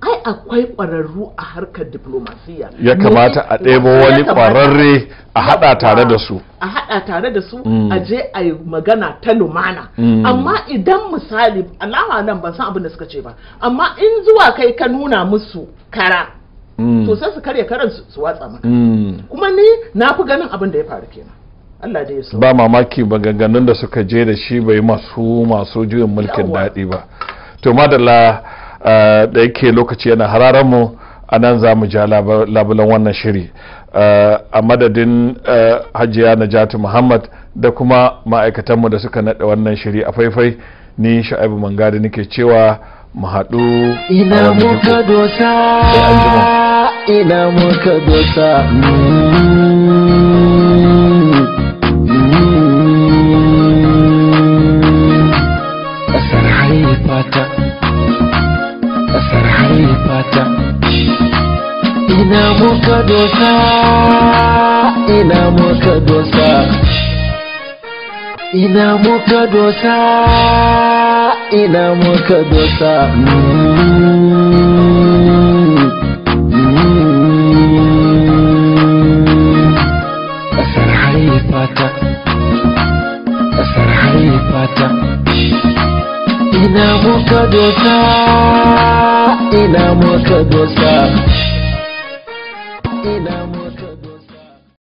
ai akwai ƙwararru a harkar diplomasiya ya kamata a ɗebo wani ƙwararre a haɗa tare da su a haɗa tare da su mm. a je a yi magana ta lumana mm. amma idan misali alama nan ban san abin da suka ce ba amma in zuwa kai ka nuna musu kara mm. to su karya karan su watsa maka kuma ni na fi ganin abin da ya faru kenan Allah da ya ba mamaki maganganun da suka je da shi bai masu masu juyin mulkin daɗi ba to da yake lokaci yana hararar mu a nan za mu ja labulan wannan shiri a madadin hajiya najatu muhammad da kuma ma'aikatanmu da suka naɗa wannan shiri a faifai ni sha'ibu mangadi nake cewa mu haɗu ina muka dosa ina muka dosa fata ina muka dosa ina muka dosa ina muka dosa ina muka dosa ina muka dosa ina muka dosa ina muka